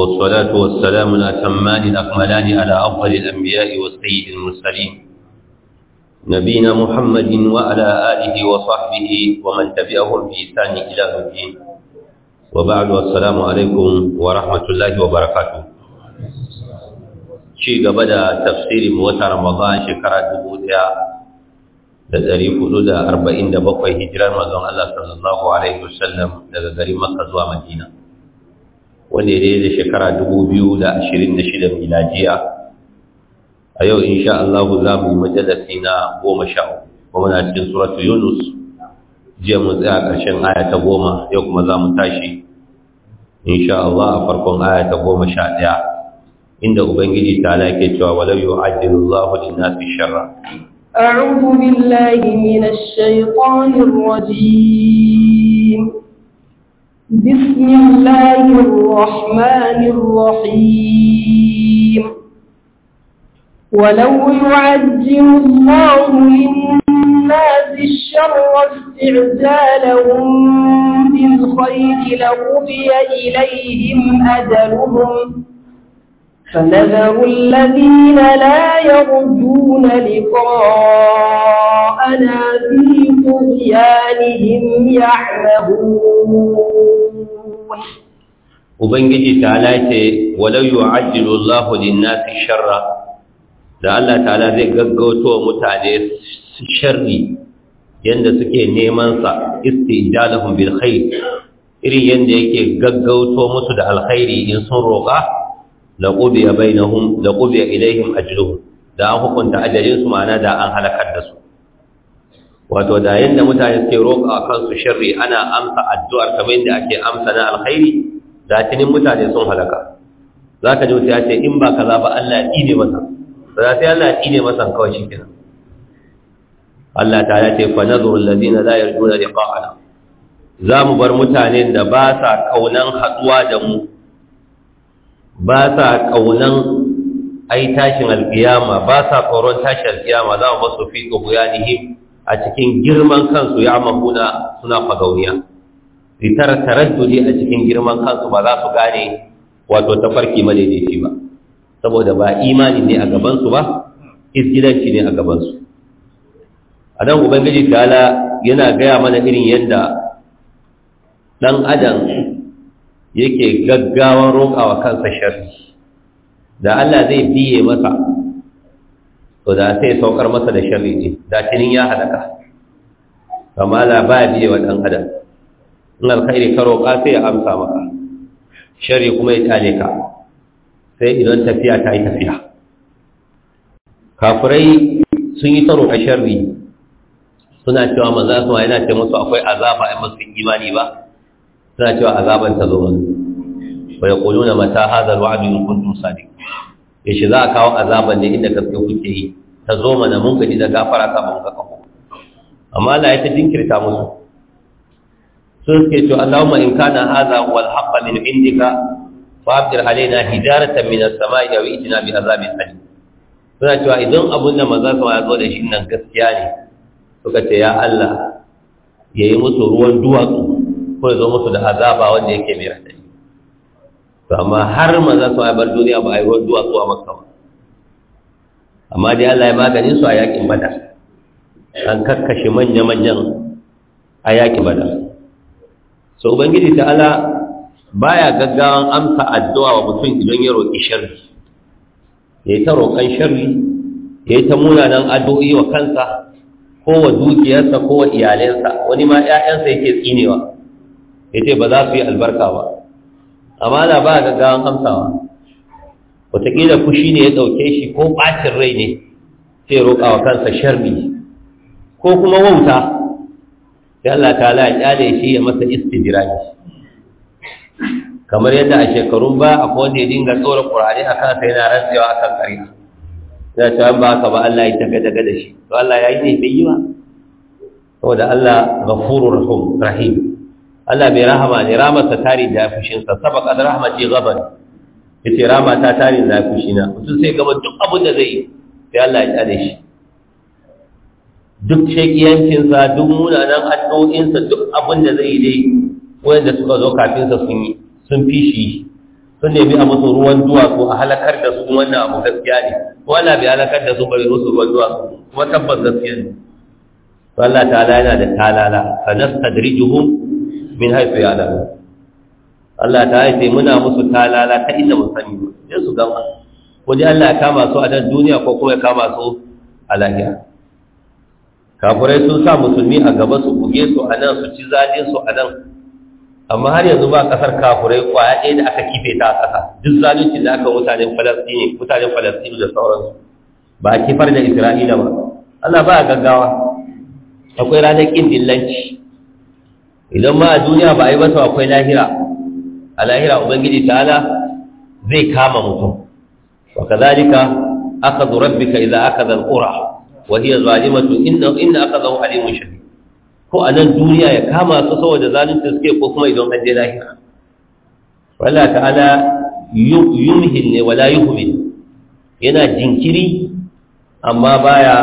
والصلاة والسلام الأتمان الأكملان على أفضل الأنبياء والسيد المرسلين نبينا محمد وعلى آله وصحبه ومن تبعهم بإحسان إلى الدين وبعد والسلام عليكم ورحمة الله وبركاته شيء قبل تفسير موتى رمضان شكرا دبوتها da ɗari hudu da arba'in da bakwai hijirar mazan Allah sallallahu Alaihi wasallam daga garin Makka zuwa Madina. wanda ya da shekara 2026 miladiya a yau insha Allah za mu yi majalasi na goma sha kuma muna cikin suratu yunus jiya mun tsaya ƙarshen aya ta goma yau kuma za mu tashi insha Allah a farkon aya ta goma sha ɗaya inda ubangiji ta ke cewa walau yu'ajjilullahu lin-nasi sharra أعوذ بالله من الشيطان الرجيم بسم الله الرحمن الرحيم ولو يعجل الله للناس الشر استعجالهم بالخير لقضي إليهم أجلهم فنذر الذين لا يرجون لقاءنا في طغيانهم يعمهون Ubangiji ubangiji ala ce wa yu'ajjilu Allahu lin-nasi sharra da Allah ta ta'ala zai gaggauto mutane sharri yadda suke neman sa istijalahum bil irin yanda yake gaggauto musu da alkhairi in sun roƙa laqubiya bainahum laqubiya ilaihim ajruhum da an hukunta ajalin su ma'ana da an halakar da su wato da yadda mutane suke roƙa kansu sharri ana amsa addu'ar kamar yadda ake amsa na alkhairi da tinin mutane sun halaka za ka ji wuta ya ce in ba kaza ba Allah ya tsine masa ba za sai Allah ya tsine masa kawai shi kenan Allah ta ya ce fa nadhuru alladhina la yarjuna liqa'ana za mu bar mutanen da ba sa kaunan haduwa da mu ba sa kaunan ai tashin alkiyama ba sa tsoron tashin alkiyama za mu basu fi tsohuyanihim a cikin girman kansu ya mahuna suna fagauniya ritar taraddudi a cikin girman kansu ba za su gane wato tafarki madaidaici ba saboda ba imani ne a gabansu ba isgidanci ne a gabansu a nan ubangiji ta'ala yana gaya mana irin yadda ɗan adam yake gaggawar roƙawa kansa sharri da Allah zai biye masa to da sai saukar masa da shari'i ne da cinin ya halaka amma la ba biye wa dan adam in alkhairi ka roƙa sai ya amsa maka sharri kuma ya tale ka sai idan tafiya ta yi tafiya kafirai sun yi taro a sharri suna cewa maza su yana ce musu akwai azaba a masu imani ba suna cewa azaban ta zo wani wa yaquluna mata hadha alwa'd in kuntum yaushe za a kawo azaban ne inda gaske kuke yi ta zo mana mun gaji da gafara ka mun ga kafa amma Allah ya ta jinkirta musu sun ce to Allahumma in kana hadha wal haqq min indika fa abdir alaina hidaratan min as-sama'i wa itina bi azabin alim suna cewa idan abun da maza su ya zo da shi nan gaskiya ne suka ce ya Allah yayi musu ruwan duwatsu ko ya zo musu da azaba wanda yake mai radadi to amma har maza su bar duniya ba a yi duwatsu a makka ba amma dai Allah ya maganin su a yakin badar an kakkashe manya-manyan a yakin badar so ubangiji ta'ala baya gaggawan amsa addu'a wa mutum idan ya roƙi sharri ya yi ta roƙan sharri ya yi ta munanan addu'o'i wa kansa ko wa dukiyarsa ko wa iyalensa wani ma 'ya'yansa yake tsinewa ya ce ba za su yi albarka ba amana ba gaggawan amsawa wataƙila fushi ne ya ɗauke shi ko ɓacin rai ne sai roƙa wa kansa sharmi ko kuma wauta ya Allah ta la ƙyale shi ya masa ne kamar yadda a shekarun ba akwai wanda ya dinga tsoron ƙurare a kansa yana rantsewa a kan ƙarya ce ta ba haka ba Allah ya tafi daga da shi to Allah ya yi ne bai yi ba saboda Allah ga furu rahim Allah bai rahama ne ramarsa tari da fushinsa sabaka da rahmati gaban yace rama ta tari da fushina mutum sai gaba duk abin da zai sai Allah ya tsare shi duk shekiyancin sa duk munanan addu'o'in sa duk abin da zai dai wanda suka zo kafin sa sun yi sun fishi sun nemi a musu ruwan ko a halakar da su wannan abu gaskiya ne ko Allah bai halakar da su bari musu ruwan zuwa, kuma tabbas gaskiya ne Allah ta'ala yana da talala nastadrijuhum min haifu ya alamu Allah ta haife muna musu talala ta inda musamman ba ya su gama ko dai Allah ya kama su a dan duniya ko kuma ya kama su a lahiya. kafirai sun sa musulmi a gaba su buge su a nan su ci zalin su a nan amma har yanzu ba kasar kafirai kwaya ɗaya da aka kife ta a ƙasa duk zalunci da aka mutanen falastini mutanen falastini da sauransu ba a kifar da isra'ila ba Allah ba a gaggawa akwai ranar ƙin dillanci idan ma a duniya ba a yi masa akwai lahira a lahira ubangiji ta'ala zai kama mutum wa aka akhadhu rabbika iza aka al wa hiya zalimatun inna inna akhadhahu alimun shafi? ko a nan duniya ya kama su saboda zalunci suke ko kuma idan an je lahira Allah ta'ala yumhin ne wala yuhmin yana jinkiri amma baya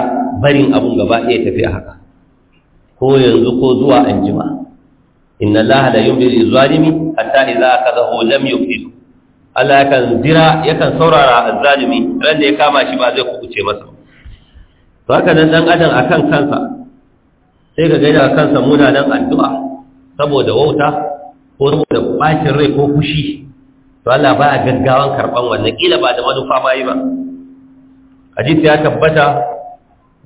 barin abun gaba ɗaya tafi haka ko yanzu ko zuwa anjima inna allaha la yumli zalimi hatta idza akadahu lam yufid Allah yakan zira yakan saurara azzalimi ran da ya kama shi ba zai kukuce masa to haka nan dan adam akan kansa sai ka gaida kansa munanan addu'a saboda wauta ko saboda bacin rai ko fushi to Allah ba a gaggawan karban wannan kila ba da manufa ma yi ba hadisi ya tabbata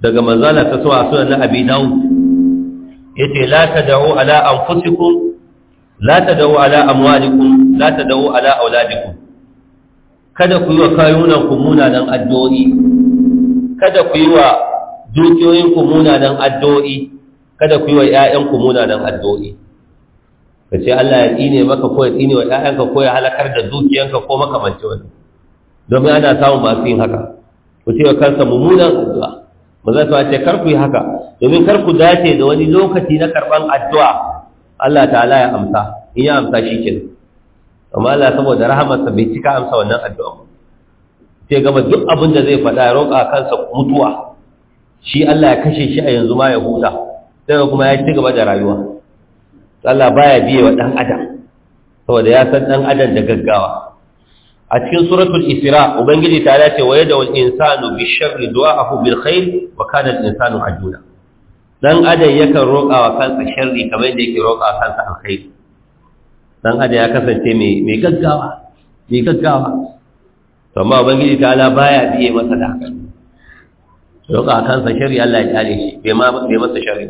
daga manzala ta suwa sunan na abi dawud yace la tad'u ala anfusikum la tad'u ala amwalikum la tad'u ala auladikum kada ku yi wa kayunan ku munanan addu'o'i kada ku yi wa dukiyoyin ku munanan addu'o'i kada ku yi wa ƴaƴan ku munanan addu'o'i kace Allah ya tsine maka ko ya tsine wa ƴaƴanka ko ya halakar da dukiyanka ko mace wani domin ana samun masu yin haka ku ce wa kansa mummunan addu'a maza ta ce kar ku yi haka domin kar ku dace da wani lokaci na karban addu'a Allah ta'ala ya amsa in ya amsa shi kenan amma Allah saboda rahamarsa bai cika amsa wannan addu'a sai gama duk abin da zai faɗa ya roƙa kansa mutuwa shi Allah ya kashe shi a yanzu ma ya huta sai kuma ya ci gaba da rayuwa Allah baya biye wa dan adam saboda ya san dan adam da gaggawa a cikin suratul isra ubangiji ta ce waye da wal insanu bi sharri du'ahu bil khair wa kana al insanu ajula dan adam yakan roƙa wa kansa sharri kamar yadda yake roƙa wa kansa alkhairi dan adam ya kasance mai mai gaggawa mai gaggawa to amma ubangiji ta ala baya biye masa da haka roƙa wa kansa sharri Allah ya kare shi bai ma bai masa sharri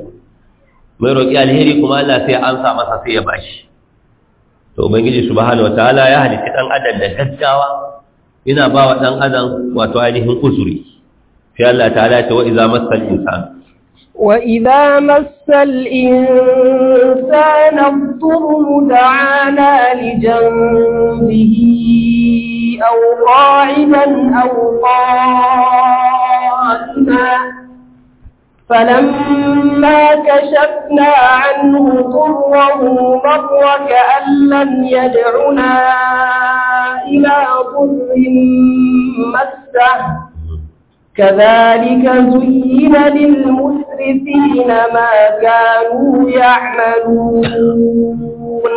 mai roƙi alheri kuma Allah sai ya amsa masa sai ya bashi to ubangiji subhanahu wataala ya halitta dan adam da gaggawa yana ba wa dan adam wato ainihin uzuri sai Allah ta'ala ta wa idza massal insan wa idza massal insana dhurru da'ana li janbihi aw qa'idan aw qa'idan فلما كشفنا عنه ضره مر كأن لم يدعنا إلى ضر مسه كذلك زين للمسرفين ما كانوا يعملون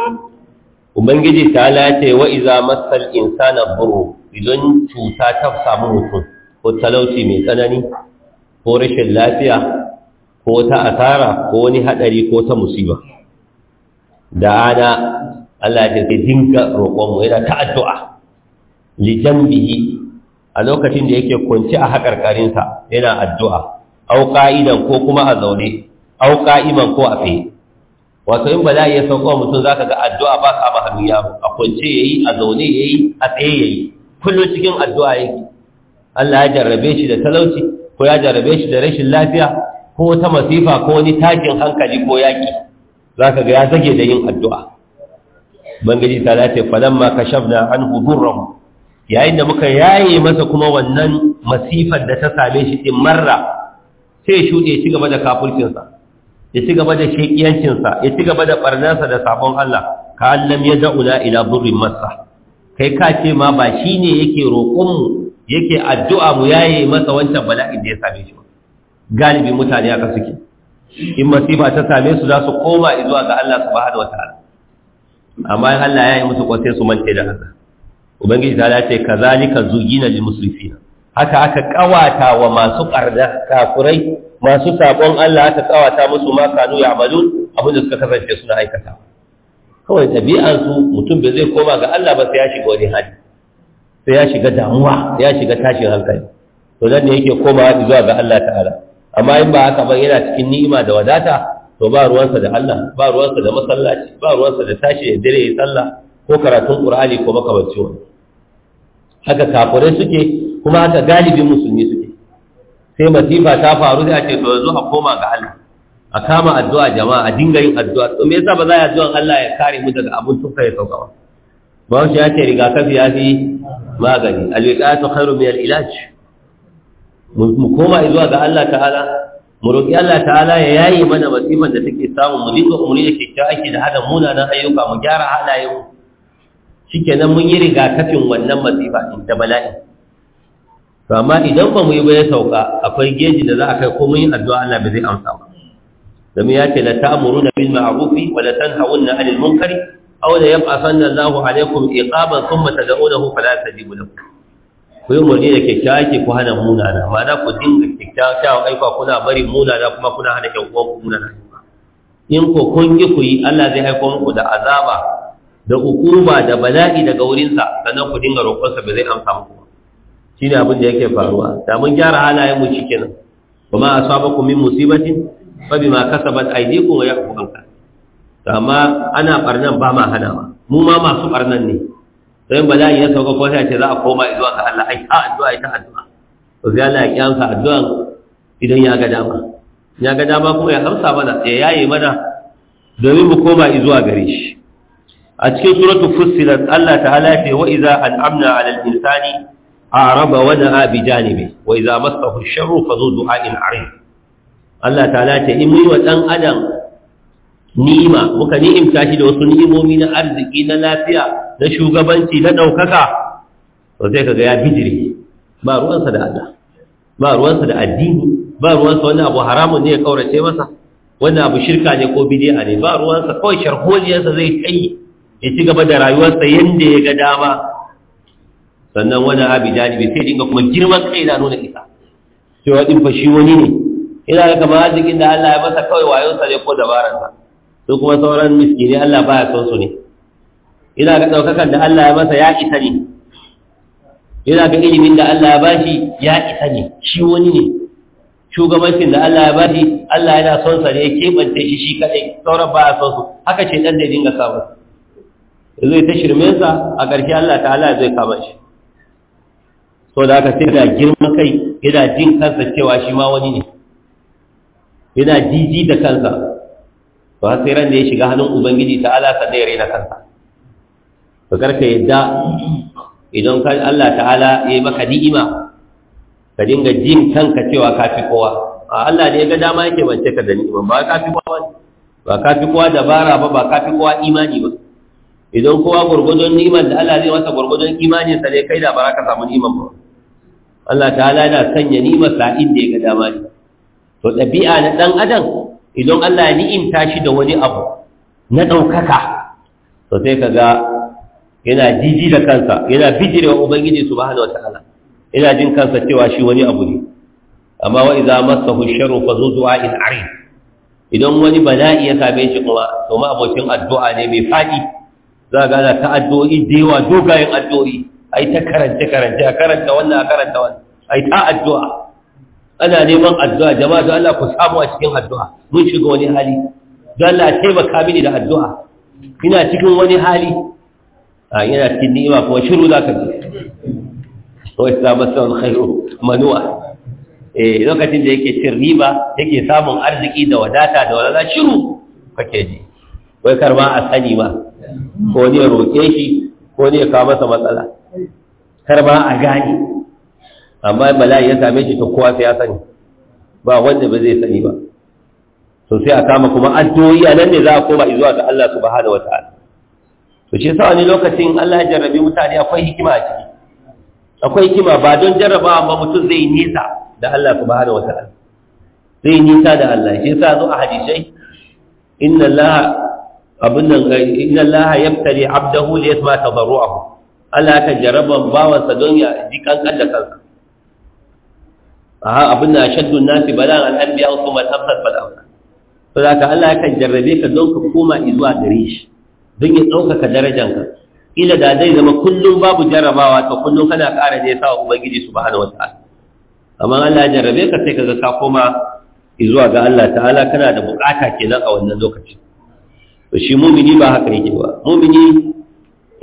Ubangiji ta lace wa iza masal insana buru idan cuta ta samu mutum ko talauci mai tsanani ko rashin lafiya ko ta asara ko wani hadari ko ta musiba da ana Allah ya ce dinga roƙon mu yana ta addu'a li jambihi a lokacin da yake kunci a hakarkarin sa yana addu'a au qa'idan ko kuma a zaune au qa'iman ko a tsaye wato in bala'i ya sauko mutum zaka ga addu'a ba ka ba hannu a kunce yayi a zaune yayi a tsaye yayi kullum cikin addu'a yake Allah ya jarrabe shi da talauci ko ya jarabe shi da rashin lafiya ko wata masifa ko wani takin hankali ko yaki zaka ga ya zage da yin addu'a Bangaji ta lati shafna an hudun rahu yayin da muka yaye masa kuma wannan masifar da ta same shi din marra sai shuɗe ya ci gaba da kafulcinsa ya ci gaba da shekiyancinsa ya ci gaba da ɓarnarsa da sabon Allah ka allam ya da'una ila burin masa kai ka ce ma ba shi ne yake roƙonmu yake addu'a mu yaye masa wancan bala'in da ya same shi galibi mutane aka suke in masifa ta same su za su koma zuwa ga Allah subhanahu wataala amma in Allah ya yi musu kwasai su mance da haka ubangiji ta ce kazalika zugina lil musrifin haka aka kawata wa masu karda kafurai masu sabon Allah aka kawata musu ma kanu ya'malun abinda suka kasance suna aikata kawai tabi'an su mutum bai zai koma ga Allah ba sai ya shiga wani hali sai ya shiga damuwa ya shiga tashin hankali to zan ne yake komawa zuwa ga Allah ta'ala amma in ba haka ba yana cikin ni'ima da wadata to ba ruwansa da Allah ba ruwansa da masallaci ba ruwansa da tashi da dare ya sallah ko karatun Qur'ani ko makamanci wani haka kafirai suke kuma haka galibin musulmi suke sai masifa ta faru da ake to yanzu a koma ga Allah a kama addu'a jama'a a dinga yin addu'a to me yasa ba za a yi addu'an Allah ya kare mu daga abun tuka ya sauka ba ba shi ya ce rigakafi ya fi magani alwiqatu khairu min alilaj mu koma zuwa ga Allah ta'ala mu roki Allah ta'ala ya yayi mana wasifan da take samu mu dinga umuri da ake da hada munanan ayyuka mu gyara halayen shikenan mun yi rigakafin wannan masifa din ta bala'i to amma idan ba mu yi ba ya sauka akwai geji da za a kai ko mun yi addu'a Allah ba zai amsa ba domin ya ce la ta'muruna bil ma'ruf wa la tanhawunna 'anil munkari aw la yab'athan Allahu alaikum iqaban thumma tad'unahu fala tajibu lahu ku yi murni da kyakkyawa ke ku hana munana ma'ana ku dinga kyakkyawa aika kuna bari munana kuma kuna hana ku muna munana in ko kun ki ku yi Allah zai haifo muku da azaba da hukuma da bala'i daga wurinsa sannan ku dinga sa ba zai amsa muku ba shi ne abin da yake faruwa da mun gyara halayen mu shikenan kuma asabakum min musibatin fa bima kasabat aydikum wa ya'fu anka amma ana barnan ba ma hana ma mu ma masu barnan ne sai ba za a yi na sauka ko sai ce za a koma zuwa ga Allah ai a addu'a ita addu'a to sai Allah ya kiyansa addu'an idan ya ga dama ya ga dama kuma ya amsa mana ya yaye mana domin mu koma zuwa gare shi a cikin suratul fussilat Allah ta'ala ce wa idza an'amna 'alal insani araba wa da'a bi janibi wa idza massahu ash-sharru fa dhu in 'arid Allah ta'ala ce in mu yi wa dan adam ni'ima muka ni'imta shi da wasu ni'imomi na arziki na lafiya na shugabanci na ɗaukaka to sai kaga ya bijire ba ruwansa da Allah ba ruwansa da addini ba ruwansa wani abu haramun ne ya kaurace masa wani abu shirka ne ko bid'a ne ba ruwansa kawai sharholiyarsa zai kai ya ci gaba da rayuwarsa yanda ya ga dama sannan wani abu janibi sai dinga kuma girman kai na nuna isa cewa din fa shi wani ne ina da kamar arzikin da Allah ya masa kawai wayonsa ne ko dabararsa su kuma sauran miskini Allah ba ya son su ne ina ga ɗaukakan da Allah ya masa ya isa ne ina ga ilimin da Allah ya bashi ya isa ne shi wani ne shugabancin da Allah ya bashi Allah yana son sa ne ya keɓance shi shi kaɗai sauran ba ya son su haka ce ɗan da ya dinga samun zai ta shirme sa, a ƙarshe Allah ta'ala zai kama shi so da aka sai da girman kai yana jin kansa cewa shi ma wani ne yana jiji da kansa har sai ran da ya shiga hannun ubangiji ta ala sa ya raina kansa ka karka yadda idan Allah ta'ala ya yi maka ni'ima ka dinga jin kanka cewa ka fi kowa a Allah ne ya ga dama yake bance ka da ni'ima ba ka fi kowa ba ka fi kowa dabara ba ba ka fi kowa imani ba idan kowa gurgudun ni'imar da Allah zai masa gurgudun imanin sa ne kai da baraka samu ni'imar ba Allah ta'ala yana sanya ni'imar sa inda ya ga dama ne to ɗabi'a na ɗan adam idan Allah ya ni'imta shi da wani abu na ɗaukaka to sai ka ga yana jiji da kansa yana bijire wa ubangiji subhanahu ta'ala yana jin kansa cewa shi wani abu ne amma wa idza massahu sharru fa zu in ari. idan wani bala'i ya same shi kuma to ma abokin addu'a ne mai faɗi. za ga ana ta addu'o'i da yawa dogayen addu'o'i ai ta karanta karanta karanta wannan karanta wannan ai ta addu'a ana neman addu'a jama'a don Allah ku samu a cikin addu'a mun shiga wani hali don Allah taimaka mini da addu'a ina cikin wani hali a yana cikin ni'ima kuma shiru za ka ji wai samun samun khairu manuwa eh lokacin da yake cin riba yake samun arziki da wadata da wadata shiru kake ji wai karba a sani ba ko ne roƙe shi ko ne kawo masa matsala karba a gani amma bala'i ya same shi ta kowa sai ya sani ba wanda ba zai sani ba to sai a kama kuma addu'o'i a nan ne za a koma zuwa ga Allah subhanahu wataala to shi yasa wani lokacin Allah ya jarrabe mutane akwai hikima a ciki akwai hikima ba don jarrabawa ba mutum zai nisa da Allah subhanahu wataala zai nisa da Allah shi yasa zo a hadisai inna Allah abin nan inna Allah yabtali abdahu li yasma tadarruahu Allah ta jarraba bawansa don ya ji kankan da kansa a abin da shaddu nasi bala an anbiya wa kuma al fal amsal to da ka Allah yakan jarrabe ka don ka koma izuwa gare shi don ya ɗaukaka darajanka ila da zai zama kullum babu jarrabawa to kullum kana ƙara ne sa ubangiji subhanahu wataala amma Allah ya jarrabe ka sai kaga ka koma izuwa ga Allah ta'ala kana da bukata kenan a wannan lokacin to shi mumini ba haka yake ba mumini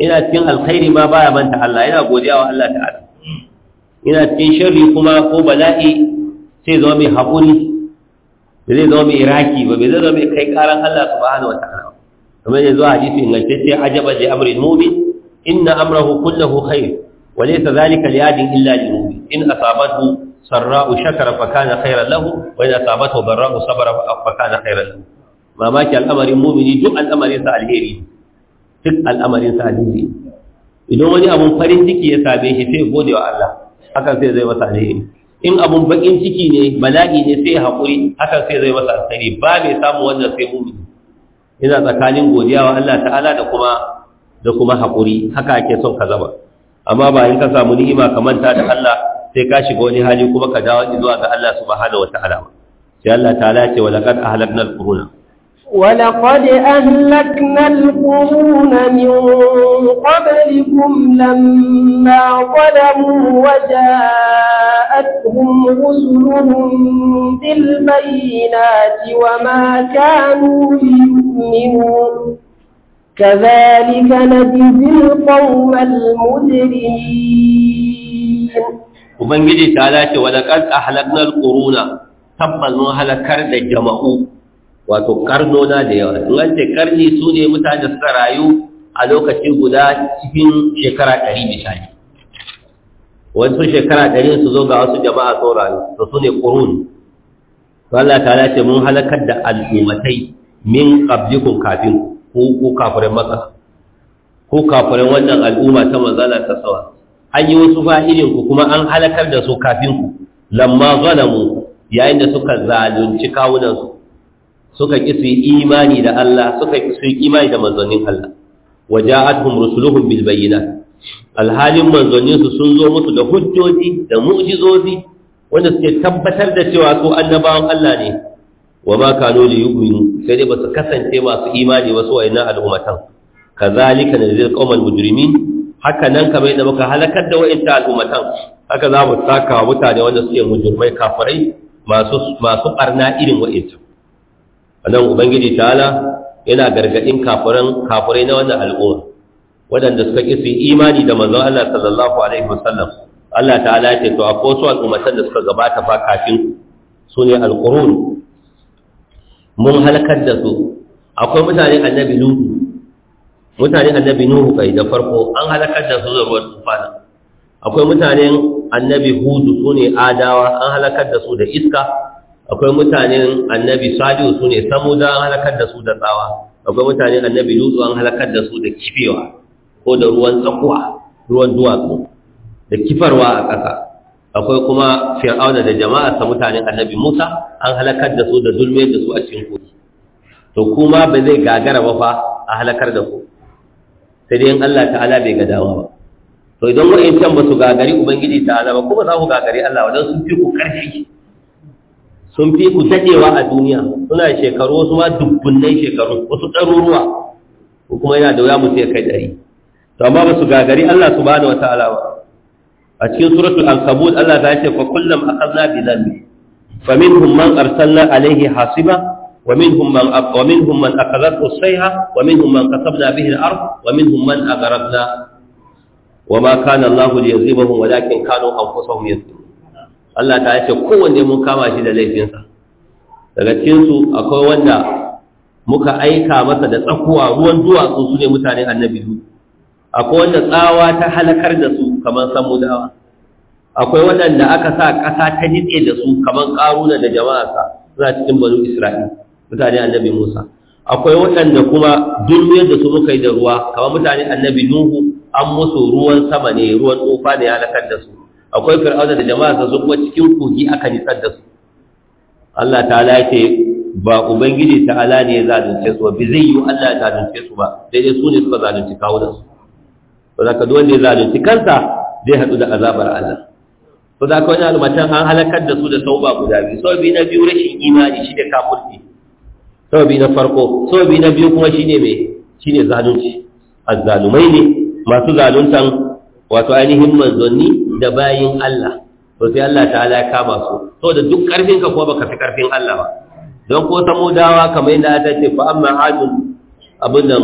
ina cikin alkhairi ma baya manta Allah yana godiya wa Allah ta'ala ina cikin sharri kuma ko bala'i sai zama mai haƙuri ba zai zama mai iraki ba bai zai zama mai kai ƙaran Allah ba. subhanahu wa ta'ala kuma ya zo hadisi ingantacce ajaba li amrin mu'min inna amrahu kullahu khair wa laysa zalika li adin illa lil mu'min in asabathu sarra'u shakara fa kana khairan lahu wa in asabathu barra'u sabara fa kana khairan lahu mamaki al'amarin mu'mini duk al'amarin sa alheri duk al'amarin sa alheri idan wani abun farin ciki ya same shi sai gode wa Allah hakan sai zai masa alheri in abun bakin ciki ne bala'i ne sai haƙuri hakan sai zai masa alheri ba mai samun wannan sai mumin ina tsakanin godiya wa Allah ta'ala da kuma da kuma haƙuri haka ake son ka zama amma ba in ka samu ni'ima ka manta da Allah sai ka shiga wani hali kuma ka dawo zuwa ga Allah subhanahu wataala sai Allah ta'ala ce wa laqad ahlaknal quruna ولقد أهلكنا القرون من قبلكم لما ظلموا وجاءتهم رسلهم بالبينات وما كانوا ليؤمنوا كذلك نجزي القوم المجرمين ومن جدي تعالى ولقد أهلكنا القرون تبا من هلكر الجمعون wato karnona da yawa in an ce karni su ne mutane suka rayu a lokaci guda cikin shekara ɗari misali wasu shekara ɗari su zo ga wasu jama'a sun rayu to su ne ƙurun to Allah ta ce mun halakar da al'ummatai min qablikun kafin ku ku kafirin maka ku kafirin wannan al'umma ta manzana ta sawa an yi wasu fa'irin ku kuma an halakar da su kafin ku lamma zalamu yayin da suka zalunci kawunan su suka ki su yi imani da Allah suka ƙi su yi imani da manzannin Allah waja'atuhum rusuluhum bil bayyinat alhalin manzannin su sun zo musu da hujjoji da mu'jizozi wanda suke tabbatar da cewa su annabawan Allah ne wa ma kanu li yu'minu sai dai basu kasance masu imani ba su wayannan al'ummatan kazalika nazil qauman mujrimin haka nan kamar yadda muka halakar da wa'inta al'ummatan haka za mu saka mutane wanda suke mujrimai kafirai masu masu barna irin wa'inta anan ubangiji ta'ala yana gargadin kafiran kafirai na wannan al'umma wadanda suka ki imani da manzon Allah sallallahu alaihi wasallam Allah ta'ala ya ce to a kosu al'ummatan da suka gabata fa kafin su ne qurun mun halakar da su akwai mutane annabi nuhu mutane annabi nuhu kai da farko an halakar da su da ruwan tufana akwai mutanen annabi hudu su ne adawa an halakar da su da iska akwai mutanen annabi salihu su ne samuda an halakar da su da tsawa akwai mutanen annabi lutsu an halakar da su da kifewa ko da ruwan tsakuwa ruwan duwatsu da kifarwa a ƙasa akwai kuma fir'auna da jama'arsa mutanen annabi musa an halakar da su da zulme da su a cikin kogi to kuma ba zai gagara ba fa a halakar da ku sai dai in Allah ta'ala bai ga dama ba to idan wa'in can ba su gagari ubangiji ta'ala ba kuma za ku gagari Allah wadan sun fi ku karfi sun fi ku daɗewa a duniya suna shekaru wasu ma dubbunnan shekaru wasu ɗaruruwa ko kuma yana da wuya mu sai kai ɗari to amma ba su gagari Allah subhanahu wataala ba a cikin suratul ankabut Allah ta ce fa kullum akhadna bi dhanbi fa minhum man arsalna alayhi hasiba wa minhum man wa minhum man akhadhathu as-sayha wa minhum man qasabna bihi al-ard wa minhum man aghraqna wa ma kana Allah liyazibahum walakin kanu anfusahum yazlimun Allah ta ce kowanne mun kama shi da laifinsa daga cikinsu akwai wanda muka aika masa da tsakuwa ruwan duwatsu su ne mutane annabi su akwai wanda tsawa ta halakar da su kamar samudawa akwai waɗanda aka sa ƙasa ta nitse da su kamar ƙaruna da jama'arsa suna cikin banu isra'il mutane annabi musa akwai waɗanda kuma dulmiyar da su muka yi da ruwa kamar mutane annabi nuhu an musu ruwan sama ne ruwan tsofa ne halakar da su akwai fir'auna da jama'a sun zuba cikin kogi aka nitsar da su Allah Ta ya ce ba ubangiji ta'ala ne ya zalunce su ba bi zai yi Allah ya zalunce su ba daidai su ne suka zalunci kawunan su to da ka duk wanda ya zalunci kansa zai hadu da azabar Allah to da ka wani almatan an halakar da su da tauba guda biyu sau biyu na biyu rashin imani shi ne kafurci sau biyu na farko sau biyu na biyu kuma shine mai shine zalunci azzalumai ne masu zaluntan wato ainihin manzanni da bayin Allah to sai Allah ta'ala ya kama su saboda duk karfin ka kuma baka fi karfin Allah ba don ko samudawa kamar yadda ta ce fa amma adun abin nan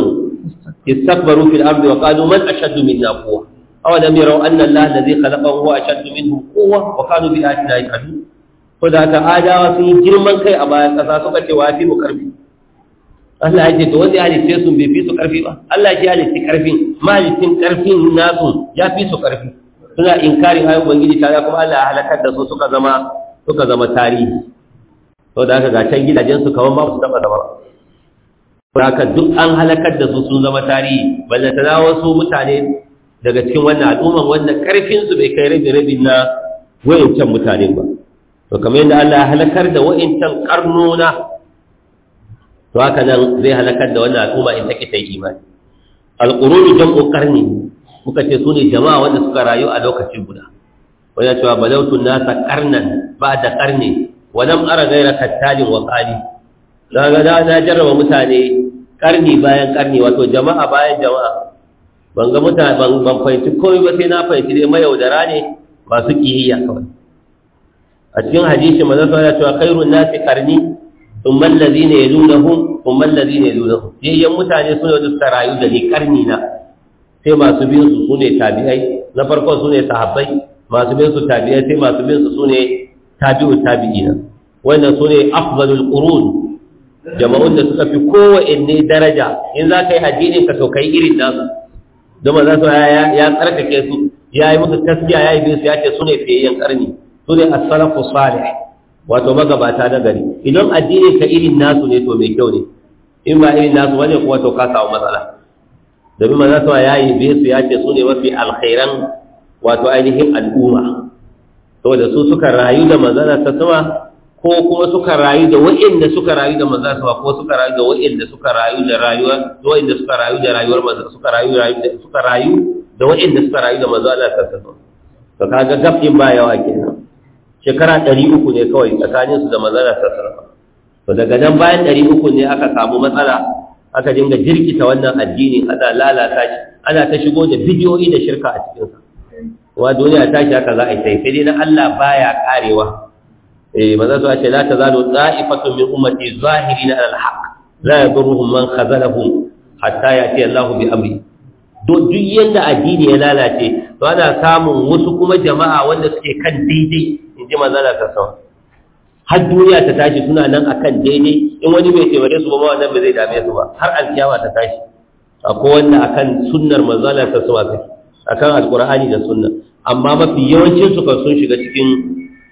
istakbaru fil ardi wa qalu man ashaddu minna quwwa aw lam yaraw anna Allah alladhi khalaqahu huwa ashaddu minhum quwwa wa qalu bi ayatina yajhadun ko da ta adawa sun yi girman kai a bayan kasa suka ce wa fi mu karfi Allah ya ce to wanda ya halitte su bai fi su karfi ba Allah ya halitti karfin mahalittin karfin nasu ya fi su karfi suna inkarin ayoyin ubangiji tare kuma Allah ya halakar da su suka zama suka zama tarihi to da aka ga can gidajen su kawai ba su taba zama ba haka duk an halakar da su sun zama tarihi balle ta dawo su mutane daga cikin wannan al'umman wanda karfin su bai kai rabi rabin na wayancan mutane ba to kamar yadda Allah ya halakar da wayancan karnona to haka nan zai halakar da wannan al'umma in take ta yi imani alquruni jam'u qarni muka ce su ne jama'a wanda suka rayu a lokaci guda wanda cewa balautu nasa karnan ba da karni wa lam ara ghayra kattalin wa qali na ga na jarraba mutane karni bayan karni wato jama'a bayan jama'a ban ga mutane ban fahimci komai ba sai na fahimci dai mayaudara ne masu kiyayya kawai a cikin hadisi manzo sallallahu alaihi wasallam cewa khairun nasi karni ya hun, ثم الذين يلونهم ثم الذين يلونهم yayin mutane sune da suka rayu da ni karni na sai masu bin su sune tabi'ai na farkon su ne sahabbai masu bin su tabi'ai sai masu bin su sune tabi'u tabi'ina wannan su ne afdalul qurun jama'un da suka fi kowanne daraja in za ka yi addinin ka to kai irin nasu don za su ya tsarkake su ya yi musu taskiya ya yi bin su ya ce su sune fiyayyen karni su ne salafu salih wato magabata na gari idan addinin ka irin nasu ne to mai kyau ne in ba irin nasu wani kuwa to ka samu matsala domin ma sama ya yi su ya ce su ne mafi alkhairan wato ainihin al'umma saboda su suka rayu da manzon ta sama ko kuma suka rayu da wa'inda suka rayu da manzon sama ko suka rayu da wa'inda suka rayu da rayuwar wa'inda suka rayu da rayuwar manzon suka rayu suka rayu da wa'inda suka rayu da manzon ta sama to kaga gafin ba yawa kenan shekara ɗari uku ne kawai tsakanin su da manzara sassarfa to daga nan bayan ɗari uku ne aka samu matsala aka dinga jirkita wannan addini ana lalata shi ana ta shigo da bidiyoyi da shirka a cikin sa wa duniya ta shi haka za a yi sai sai dai na Allah baya karewa eh manzo a ce la tazalu da'ifatu min ummati zahirina ala al la yadurruhum man khazalahum hatta yati Allahu bi amri duk yanda addini ya lalace to ana samun wasu kuma jama'a wanda suke kan daidai ji manzala ta sama har duniya ta tashi suna nan akan daidai in wani bai taimake su ba ma wannan ba zai dame su ba har alkiyama ta tashi akwai wanda akan sunnar manzala ta sama kai akan alqur'ani da sunna amma mafi yawancin su kan sun shiga cikin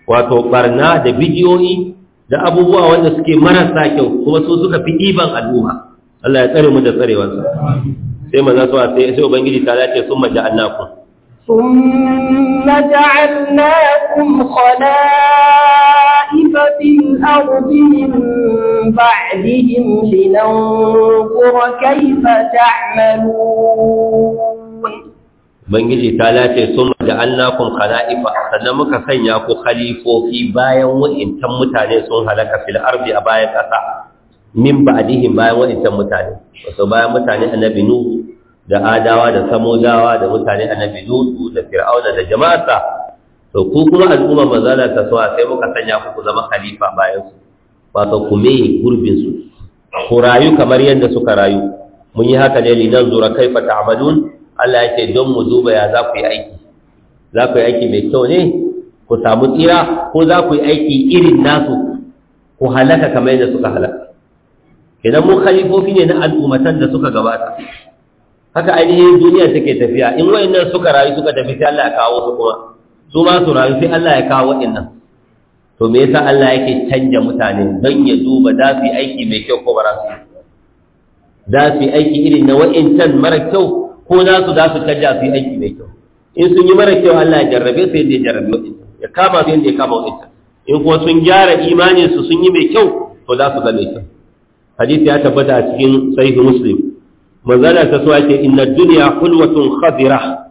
wato barna da bidiyoyi da abubuwa wanda suke marasa kyau kuma su suka fi iban al'umma Allah ya tsare mu da tsarewarsa sai manzo sai sai ubangiji ta lace sun maja annakum ثم جعلناكم خلائف في الأرض من بعدهم لننظر كيف تعملون Bangiji ta lace sun ja'alnakum khala'ifa sannan muka sanya ku khalifofi bayan wa'intan mutane sun halaka fil ardi a bayan kasa min ba'dihim bayan wa'intan mutane wato bayan mutane annabi nuh da adawa da samogawa da mutane annabi lutu da fir'auna da jama'arsa to ku kuma al'umma za ta sawa sai muka sanya ku ku zama khalifa bayan su wato ku me gurbin su ku rayu kamar yadda suka rayu mun yi haka ne nan zura kaifa ta'malun Allah yake don mu duba ya za ku yi aiki za ku yi aiki mai kyau ne ku samu tsira ko za ku yi aiki irin nasu ku halaka kamar yadda suka halaka idan mu khalifofi ne na al'ummatan da suka gabata haka ainihin duniya take tafiya in wayannan suka rayu suka tafi sai Allah ya kawo su kuma su ma su rayu sai Allah ya kawo wayannan to me yasa Allah yake canja mutane dan ya duba da su aiki mai kyau ko bara su da su aiki irin na wayancan mara kyau ko za su da su canja su aiki mai kyau in sun yi mara kyau Allah ya jarrabe sai ya jarrabe wayancan ya kama su yadda ya kama wayancan in kuma sun gyara imaninsu sun yi mai kyau to za su ga mai kyau hadisi ya tabbata a cikin sahihu muslim manzana ta so ake inna duniya hulwatun khadira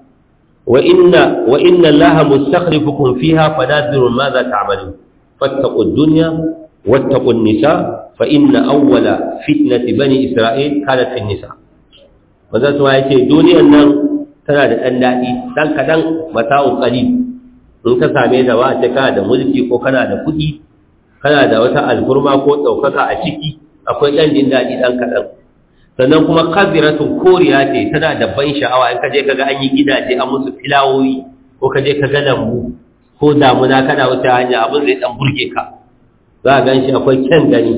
wa inna wa inna allaha mustakhlifukum fiha fanadirun ma za ta'malun fattaqu dunya wattaqu nisa fa inna awwala fitnati bani isra'il kanat fi nisa manzala ta yake duniyan nan tana da dan dadi dan kadan mata'u qalil in ka same da wa ta kana da mulki ko kana da kuɗi kana da wata alfurma ko ɗaukaka a ciki akwai ɗan jin daɗi ɗan kaɗan sannan kuma kaziratun koriya ce tana da ban sha'awa in kaje kaga an yi gidaje a musu filawoyi ko kaje kaga lambu ko damuna kana wuce hanya abin zai dan burge ka za a gan shi akwai kyan gani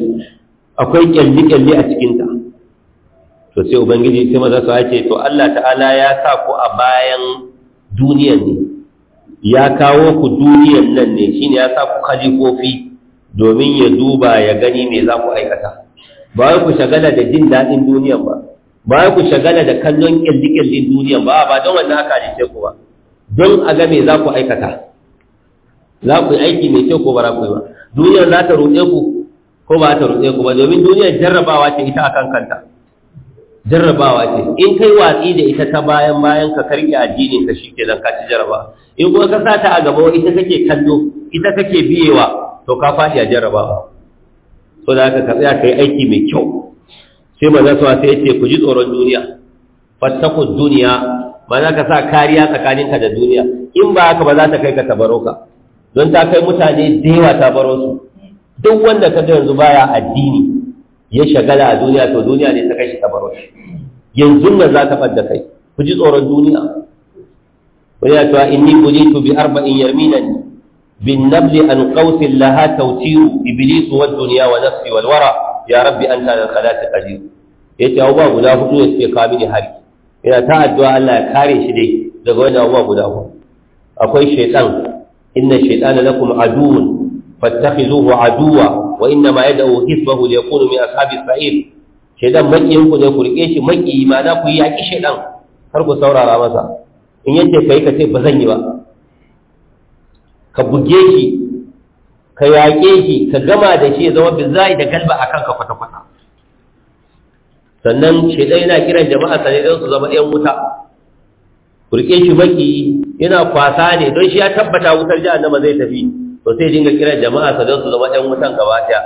akwai kyalli-kyalli a cikinta to sai ubangiji sai maza su ake to Allah ta'ala ya sa ku a bayan duniyan ne ya kawo ku duniyan nan ne shine ya sa ku kofi domin ya duba ya gani me za ku aikata ba ku shagala da jin daɗin duniyan ba ba ku shagala da kallon ƙirƙirƙin duniyan ba ba don wannan haka ne ku ba don a ga me za ku aikata za ku yi aiki mai kyau ko ba za ku yi ba duniyar za ta ruɗe ku ko ba ta ruɗe ku ba domin duniyar jarrabawa ce ita akan kanta jarrabawa ce in kai watsi da ita ta bayan bayan ka karki addinin ka shi kenan ka ci jarraba in kuma ka ta a gaba ita kake kallo ita kake biyewa to ka faɗi a jarrabawa so da aka tsaya yi aiki mai kyau sai manzo su sai yace ku ji tsoron duniya fattaku duniya manzo ka sa kariya tsakaninka da duniya in ba haka ba za ta kai ka ka. don ta kai mutane da yawa ta baro su duk wanda ka yanzu baya addini ya shagala a duniya to duniya ne ta kai shi tabaro shi yanzu nan za ta fadda kai ku ji tsoron duniya wani ya cewa inni bujitu bi arba'in yarminani بالنبل أن قوس لها توتير إبليس والدنيا ونفسي والورى يا ربي أنت على الخلاة قدير yace abubuwa guda hudu da suke kawo mini hari ina ta addu'a Allah ya kare shi dai daga wannan abubuwa guda hudu akwai shaytan inna shaytana lakum aduwwun fattakhizuhu aduwa wa inna ma yad'u hisbahu liyakunu min ashabi sa'ir shaytan makiyin ku da ku rike shi maki ma na ku yaki shaytan har ku saurara masa in yace kai ka ce ba zan yi ba ka buge shi ka yaƙe shi ka gama da shi ya zama bizai da kalba a kanka kwata-kwata sannan shaidai yana kiran jama'a sane don su zama 'yan wuta kurke shi baki yana kwasa ne don shi ya tabbata wutar jahannama zai tafi to sai dinga kiran jama'a sa don su zama 'yan wutan gaba ta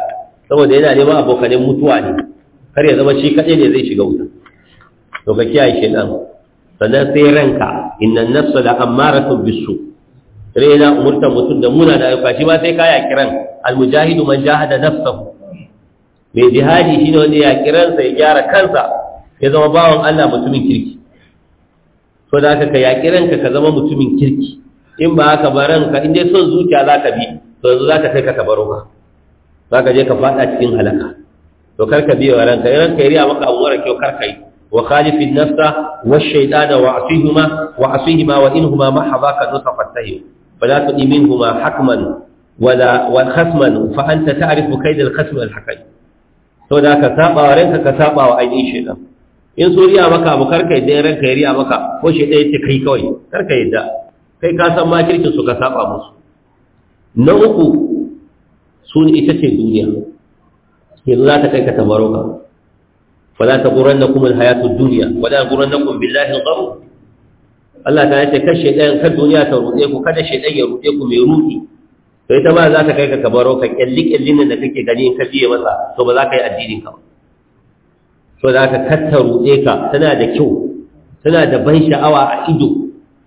saboda yana neman abokanin mutuwa ne kar ya zama shi kaɗai ne zai shiga wuta to ka kiyaye shaidan sannan sai ranka inna nafsa da ammaratun bisu sai yana umurtar mutum da muna da ayyuka shi ma sai kaya kiran almujahidu man jahada nafsahu mai jihadi ne wanda ya kiran sa ya gyara kansa ya zama bawan Allah mutumin kirki so da haka ka ya kiran ka ka zama mutumin kirki in ba haka ba ranka in dai son zuciya za ka bi to yanzu za ka kai ka tabaro ka za ka je ka fada cikin halaka to kar ka biya ranka in ranka ya maka abu mara kyau kar ka yi وخالف wa والشيطان wa وعصيهما وإنهما ka zo ta التهم ولا تؤي منهما حكما ولا والخصما فأنت تعرف كيد الخصم الحكي to da ka saba wa ranka ka saba wa shi shedan in so riya maka abu karka yadda ranka ya riya maka ko shedan yace kai kawai karka yadda kai ka san ma makircin su ka saba musu na uku su sun ita ce duniya yanzu za ta kai ka tabaro ka za ta na kuma hayatu duniya, gurannakum alhayatud dunya wala gurannakum billahi alghurur Allah ta yace kar shaytan kar duniya ta rude ku kada shaytan ya rude ku mai ruɗi to ita ma za ta kai ka kabaro ka kyalli kyallin da kake gani in ka biye masa to ba za ka yi addinin ka ba to za ka katta rude ka tana da kyau tana da ban sha'awa a ido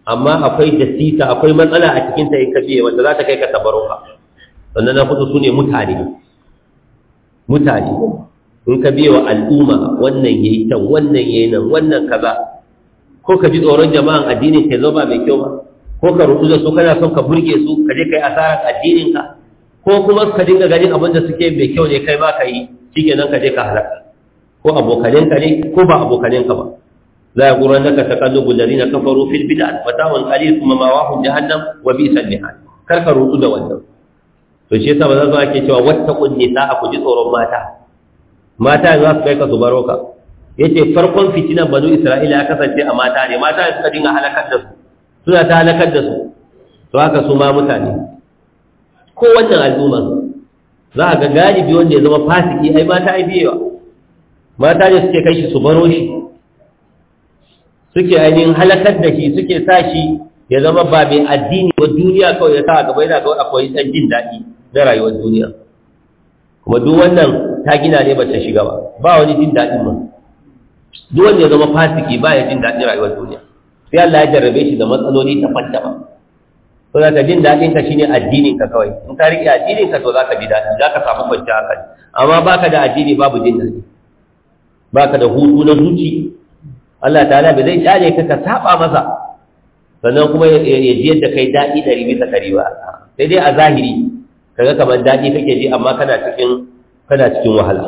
amma akwai dasita akwai matsala a cikin ta in ka biye wanda za ta kai ka tabaro ka Wannan na hudu sune mutane mutane in ka biye wa al'umma wannan yayi ta wannan yayi nan wannan kaza ko ka ji tsoron jama'an addinin ka zo ba mai kyau ba ko ka rutu da su kana son ka burge su ka je kai asarar addinin ka ko kuma ka dinga ganin abin da suke mai kyau ne kai ma ka yi shikenan ka je ka halaka ko abokanen ka ne ko ba abokanen ka ba la ta taqallubu alladhina kafaru fil bid'ah wa ta'un qalil kuma ma wahum jahannam wa bi'sal mihad kar ka rutu da wannan to shi yasa ba za su ake cewa kunni nisaa ku ji tsoron mata mata za su kai ka zubaro ka yace farkon fitinan banu isra'ila ya kasance a mata ne mata ne suka dinga halakar da su suna ta halakar da su to haka su ma mutane ko wannan al'umma za ga galibi wanda ya zama fasiki ai mata ai biyewa mata ne suke kai shi su baro shi suke ainihin halakar da shi suke sa shi ya zama ba mai addini ba duniya kawai ya sa gaba yana kawai akwai ɗan jin daɗi na rayuwar duniya kuma duk wannan ta gina ne ba ta shiga ba ba wani jin daɗin ba duk wanda ya zama fasiki ba ya jin daɗin rayuwar duniya sai Allah ya jarrabe shi da matsaloli daban-daban to za ka jin daɗin ka shine addinin ka kawai in ka riƙe addinin ka to za ka ji daɗi za ka samu kwanciyar hankali amma baka da addini babu jin daɗi baka da hutu na zuci Allah ta'ala bai zai kyale ka ka saba masa sannan kuma ya ji yadda kai daɗi ɗari bisa ɗari ba sai dai a zahiri kaga kamar daɗi kake ji amma kana cikin kana cikin wahala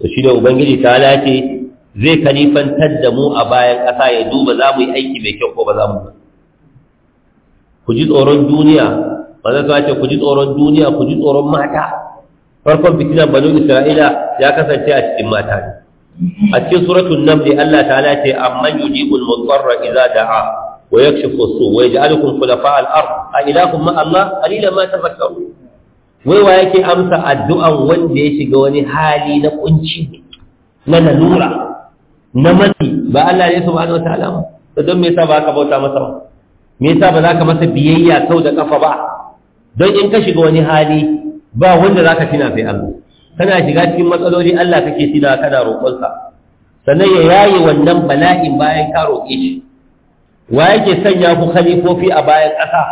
to shi ne ubangiji ta halace zai kalifantar da mu a bayan ƙasa ya duba za mu yi aiki mai kyau ko ba za mu ba? ku ji tsoron duniya ba za ce ku ji tsoron duniya ku ji tsoron mata farkon fitinan banu isra'ila ya kasance a cikin mata ne a cikin suratul namli Allah ta ta'ala amma amman yujibul mudarra idza da'a wa yakshifu su wa yaj'alukum khulafa al-ard a ilahum ma Allah qalila ma tafakkaru wai wa yake amsa addu'an wanda ya shiga wani hali na kunci na lalura na mani ba Allah ne subhanahu ta'ala ba to don me yasa ba ka bauta masa ba me yasa ba za ka masa biyayya sau da kafa ba don in ka shiga wani hali ba wanda za ka tina sai Allah kana shiga cikin matsaloli Allah kake tina kana roƙonsa sannan ya yaye wannan bala'in bayan ka roƙe shi wa yake sanya ku khalifofi a bayan ƙasa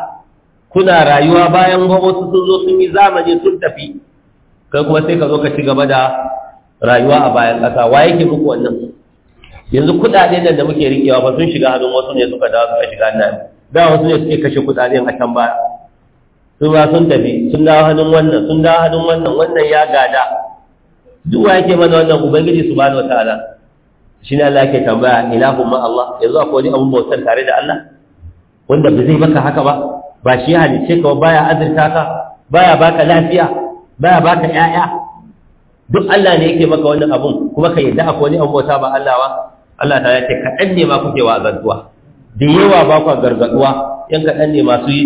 kuna rayuwa bayan gwamnati sun zo sun yi zamani sun tafi kai kuma sai ka zo ka ci gaba da rayuwa a bayan ƙasa wa yake muku wannan yanzu kudaden nan da muke rikewa ba sun shiga hannun wasu ne suka dawo suka shiga nan da wasu ne suke kashe kudaden a can baya su ba sun tafi sun dawo hannun wannan sun dawo hannun wannan wannan ya gada duk wa yake mana wannan ubangiji subhanahu wataala shi ne Allah yake tambaya ilahun ma Allah yanzu akwai wani abu bautar tare da Allah wanda ba zai maka haka ba ba shi halice ka baya azurta ka baya baka lafiya baya baka ƴaƴa duk Allah ne yake maka wannan abun kuma ka yadda akwai wani abu bauta ba Allah ba Allah ta ce kaɗan ne ma kuke wa'azantuwa da yawa ba ku gargaduwa yan kaɗan ne masu yi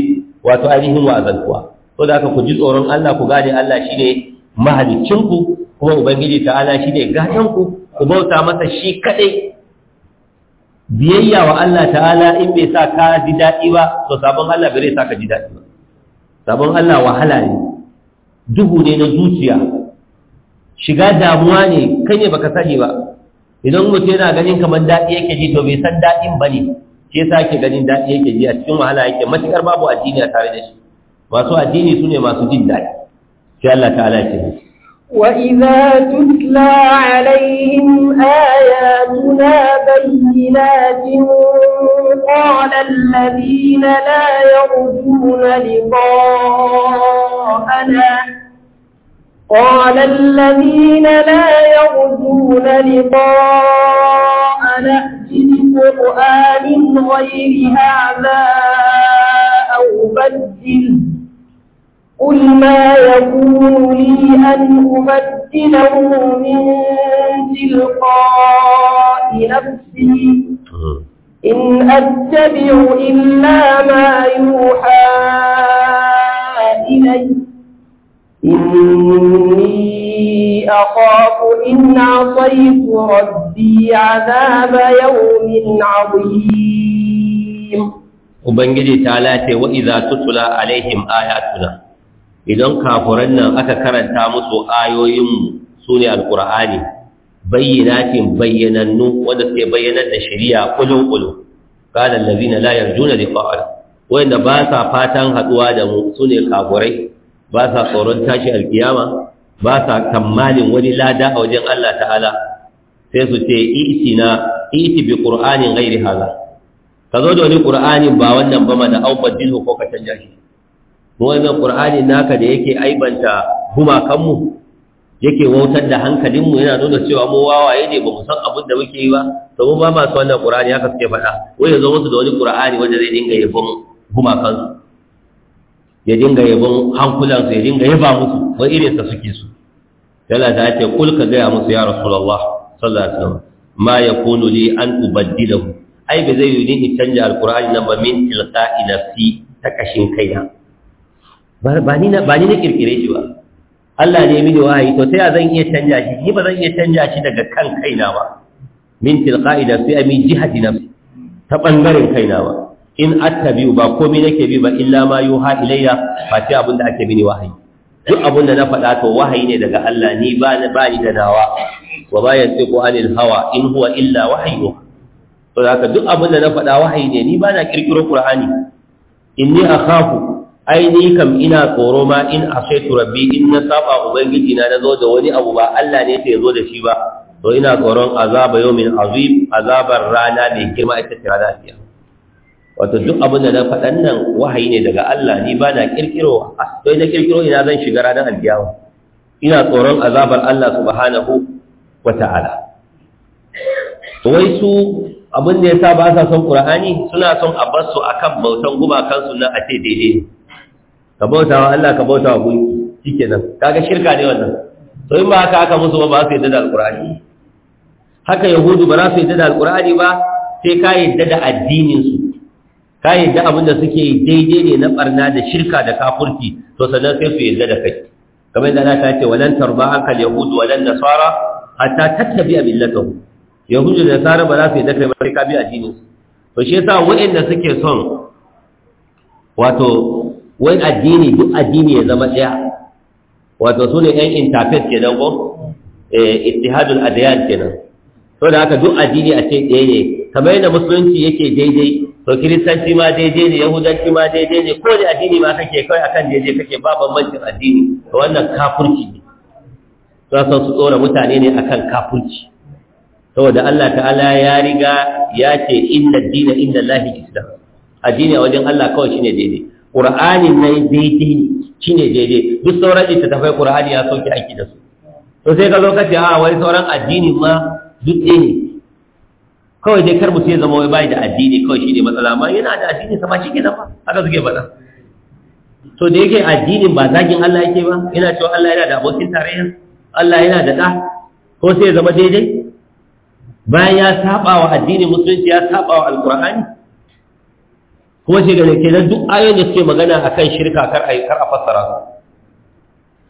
wato ainihin wa'azantuwa to da haka ku ji tsoron Allah ku gane Allah shine mahalicinku kuma ubangiji ta'ala shine gatanku ku ku bauta masa shi kaɗai. biyayya wa Allah ta'ala in bai sa ka ji daɗi ba to sabon Allah bai sa ka ji daɗi ba sabon Allah wahala ne duhu ne na zuciya shiga damuwa ne kai ne baka sani ba idan mutum yana ganin kamar daɗi yake ji to bai san daɗin ba ne ke sa ke ganin daɗi yake ji a cikin wahala yake matuƙar babu addini a tare da shi masu addini su ne masu jin daɗi sai Allah ta'ala yake وَإِذَا تُتْلَى عَلَيْهِمْ آيَاتُنَا بَيِّنَاتٍ قَالَ الَّذِينَ لَا يَرْجُونَ لِقَاءَنَا قال الذين لا يرجون لقاء نأتي بقرآن غير هذا أو بدل قل ما يكون لي أن أبدله من تلقاء نفسي إن أتبع إلا ما يوحى إليّ إني أخاف إن عصيت ربي عذاب يوم عظيم Ubangiji ta late wa iza tutula alaihim ayatuna idan kafuran nan aka karanta musu ayoyinmu su ne alkur'ani bayyanatin bayyanannu wanda sai bayyanar da shari'a kulun-kulun kalan layar juna da liqa'ana wanda ba sa fatan haɗuwa da mu su ne kafurai ba sa tsoron tashi alkiyama ba sa kammalin wani lada a wajen Allah ta'ala sai su ce iti na iti bi qur'anin ghairi hada ka zo da wani qur'anin ba wannan ba mana au dino ko ka canja shi mu wannan qur'anin naka da yake aibanta gumakanmu yake wautar da hankalinmu yana nuna cewa mu wawaye ne ba mu san abin da muke yi ba to mu ba masu wannan qur'ani haka suke faɗa wai ya zo musu da wani qur'ani wanda zai dinga yabon gumakansu ya dinga yabon hankulansu ya dinga yaba musu wa irinsa suke su yana da ake kulka gaya musu ya rasulallah sallallahu alaihi wasallam ma yakunu li an ubaddilahu ai ba zai yi in canja alqur'ani nan ba min tilqa'i fi ta kashin kaina ba ni na ba ni na kirkire shi ba Allah ne mini wahayi to sai zan iya canja shi ni ba zan iya canja shi daga kan kaina ba min tilqa'i nafsi ami jihati nafsi ta bangaren kaina ba in attabi'u ba komai nake bi ba illa ma yuha ilayya ba sai abin da ake mini wahayi duk abin da na faɗa to wahayi ne daga Allah ni ba ni ba ni da nawa wa ba yantiqu anil hawa in huwa illa wahyu to haka duk abin da na faɗa wahayi ne ni ba na kirkiro qur'ani inni akhafu ai ni kam ina tsoro ma in asaitu rabbi in na saba ubangiji na nazo da wani abu ba Allah ne sai zo da shi ba to ina tsoron azaba yawmin azim azabar rana mai girma ita ce rana kiyama wato duk abin da na faɗan nan wahayi ne daga Allah ni ba na kirkiro sai na kirkiro ina zan shiga ranar alkiyama ina tsoron azabar Allah subhanahu wa ta'ala wai su abin da yasa ba sa son Qur'ani suna son a bar su akan bautan su na a ce daidai ka bauta wa Allah ka bauta wa gunki shikenan kaga shirka ne wannan to in ba haka aka musu ba ba su yadda da alqur'ani haka yahudu ba za su yadda da alqur'ani ba sai ka yadda da addinin su ka yadda abin da suke daidai ne na barna da shirka da kafurci to sannan sai su yadda da kai kamar da Allah ta ce walan tarba akal yahud walan nasara hatta tattabi'a millatahu yahudu da nasara ba za su yadda kai ba sai ka bi addinin su to shi yasa waɗanda suke son wato wani addini duk addini ya zama ɗaya wato su ne ɗan interface kenan ko eh, ittihadul adyan kenan to da haka duk addini a ce ɗaya ne kamar yadda musulunci yake daidai to kiristanci ma daidai ne yahudanci ma daidai ne ko da addini ma kake kawai akan daidai kake ba bambancin addini to wannan kafurci ne za su su tsora mutane ne akan kafurci saboda Allah ta'ala ya riga ya ce inna dina inna lahi islam addini a wajen Allah kawai shine daidai qur'ani ne daidai shine daidai duk sauran littattafai qur'ani ya sauke aiki da su to sai ka lokaci a ah, wai sauran addini ma duk ne kawai dai kar mutum ya zama wai bai da addini kawai shi ne matsala amma yana da addini sama shi ke zama haka suke faɗa to da yake addinin ba zagin Allah yake ba yana cewa Allah yana da abokin tarayya Allah yana da ɗa ko sai ya zama daidai bayan ya saba wa addinin musulunci ya saba wa alkur'ani kuma shi gane kenan duk ayoyin da suke magana akan shirka kar a kar a fassara su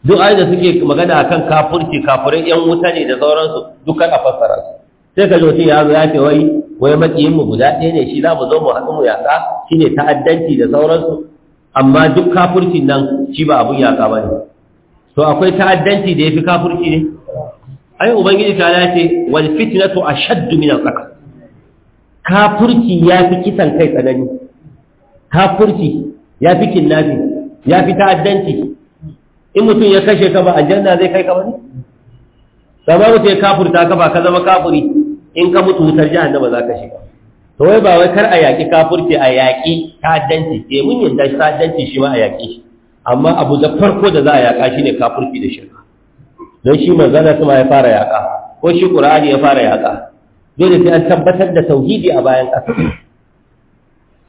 duk ayoyin da suke magana akan kafurci kafurai yan wuta ne da sauransu duk kar a fassara su sai ka zo ya zo ya ce wai wai makiyin mu guda ɗaya ne shi za mu zo mu haɗu mu yaƙa shine ta'addanci da sauransu amma duk kafurcin nan shi ba abun yaƙa ba ne to akwai ta'addanci da ya fi kafurci ne ai ubangiji ta lace wal fitnatu ashaddu min al qatl kafurci ya fi kisan kai tsanani kafurci ya fi kinnafi ya fi ta'addanci in mutum ya kashe ka ba aljanna zai kai ka bane sababa sai kafurta ka ba ka zama kafuri in ka mutu wutar jahannama za ka shiga to wai ba wai kar a yaƙi kafurki a yaƙi ta'addanci ke eh, mun yanda ta'addanci shi ma a yaƙi shi amma abu da farko da za a yaƙa shi ne kafurci da shirka don shi manzana kuma ya fara yaƙa ko shi ƙur'ani ya fara yaƙa dole sai an tabbatar da tauhidi a bayan ƙasa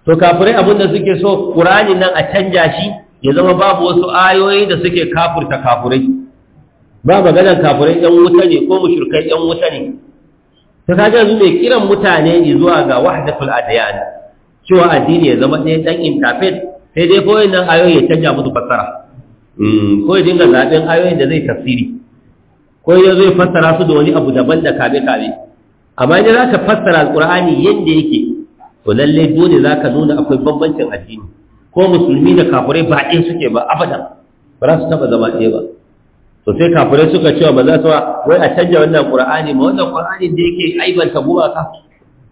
to kafurai abin da suke so ƙur'ani nan a canja shi ya zama babu wasu ayoyi da suke kafurta kafurai. ba maganar kafurai ɗan wuta ne ko mushrikai ɗan wuta ne ta ta yanzu mai kiran mutane zuwa ga wahdatul adyan cewa addini ya zama ɗaya dan intafet sai dai ko nan ayoyi ya canja musu fassara hmm, ko dinga zaɓen ayoyin da zai tafsiri ko ya zai fassara su da wani abu daban da kabe kabe amma idan za ka fassara alƙur'ani yadda yake to lallai dole za ka nuna akwai bambancin addini ko musulmi da kafurai ba ɗaya suke ba abadan ba za su taɓa zama ɗaya ba to sai kafirai suka cewa ba za su wai a canja wannan qur'ani ma wannan qur'ani da yake aibanta gumaka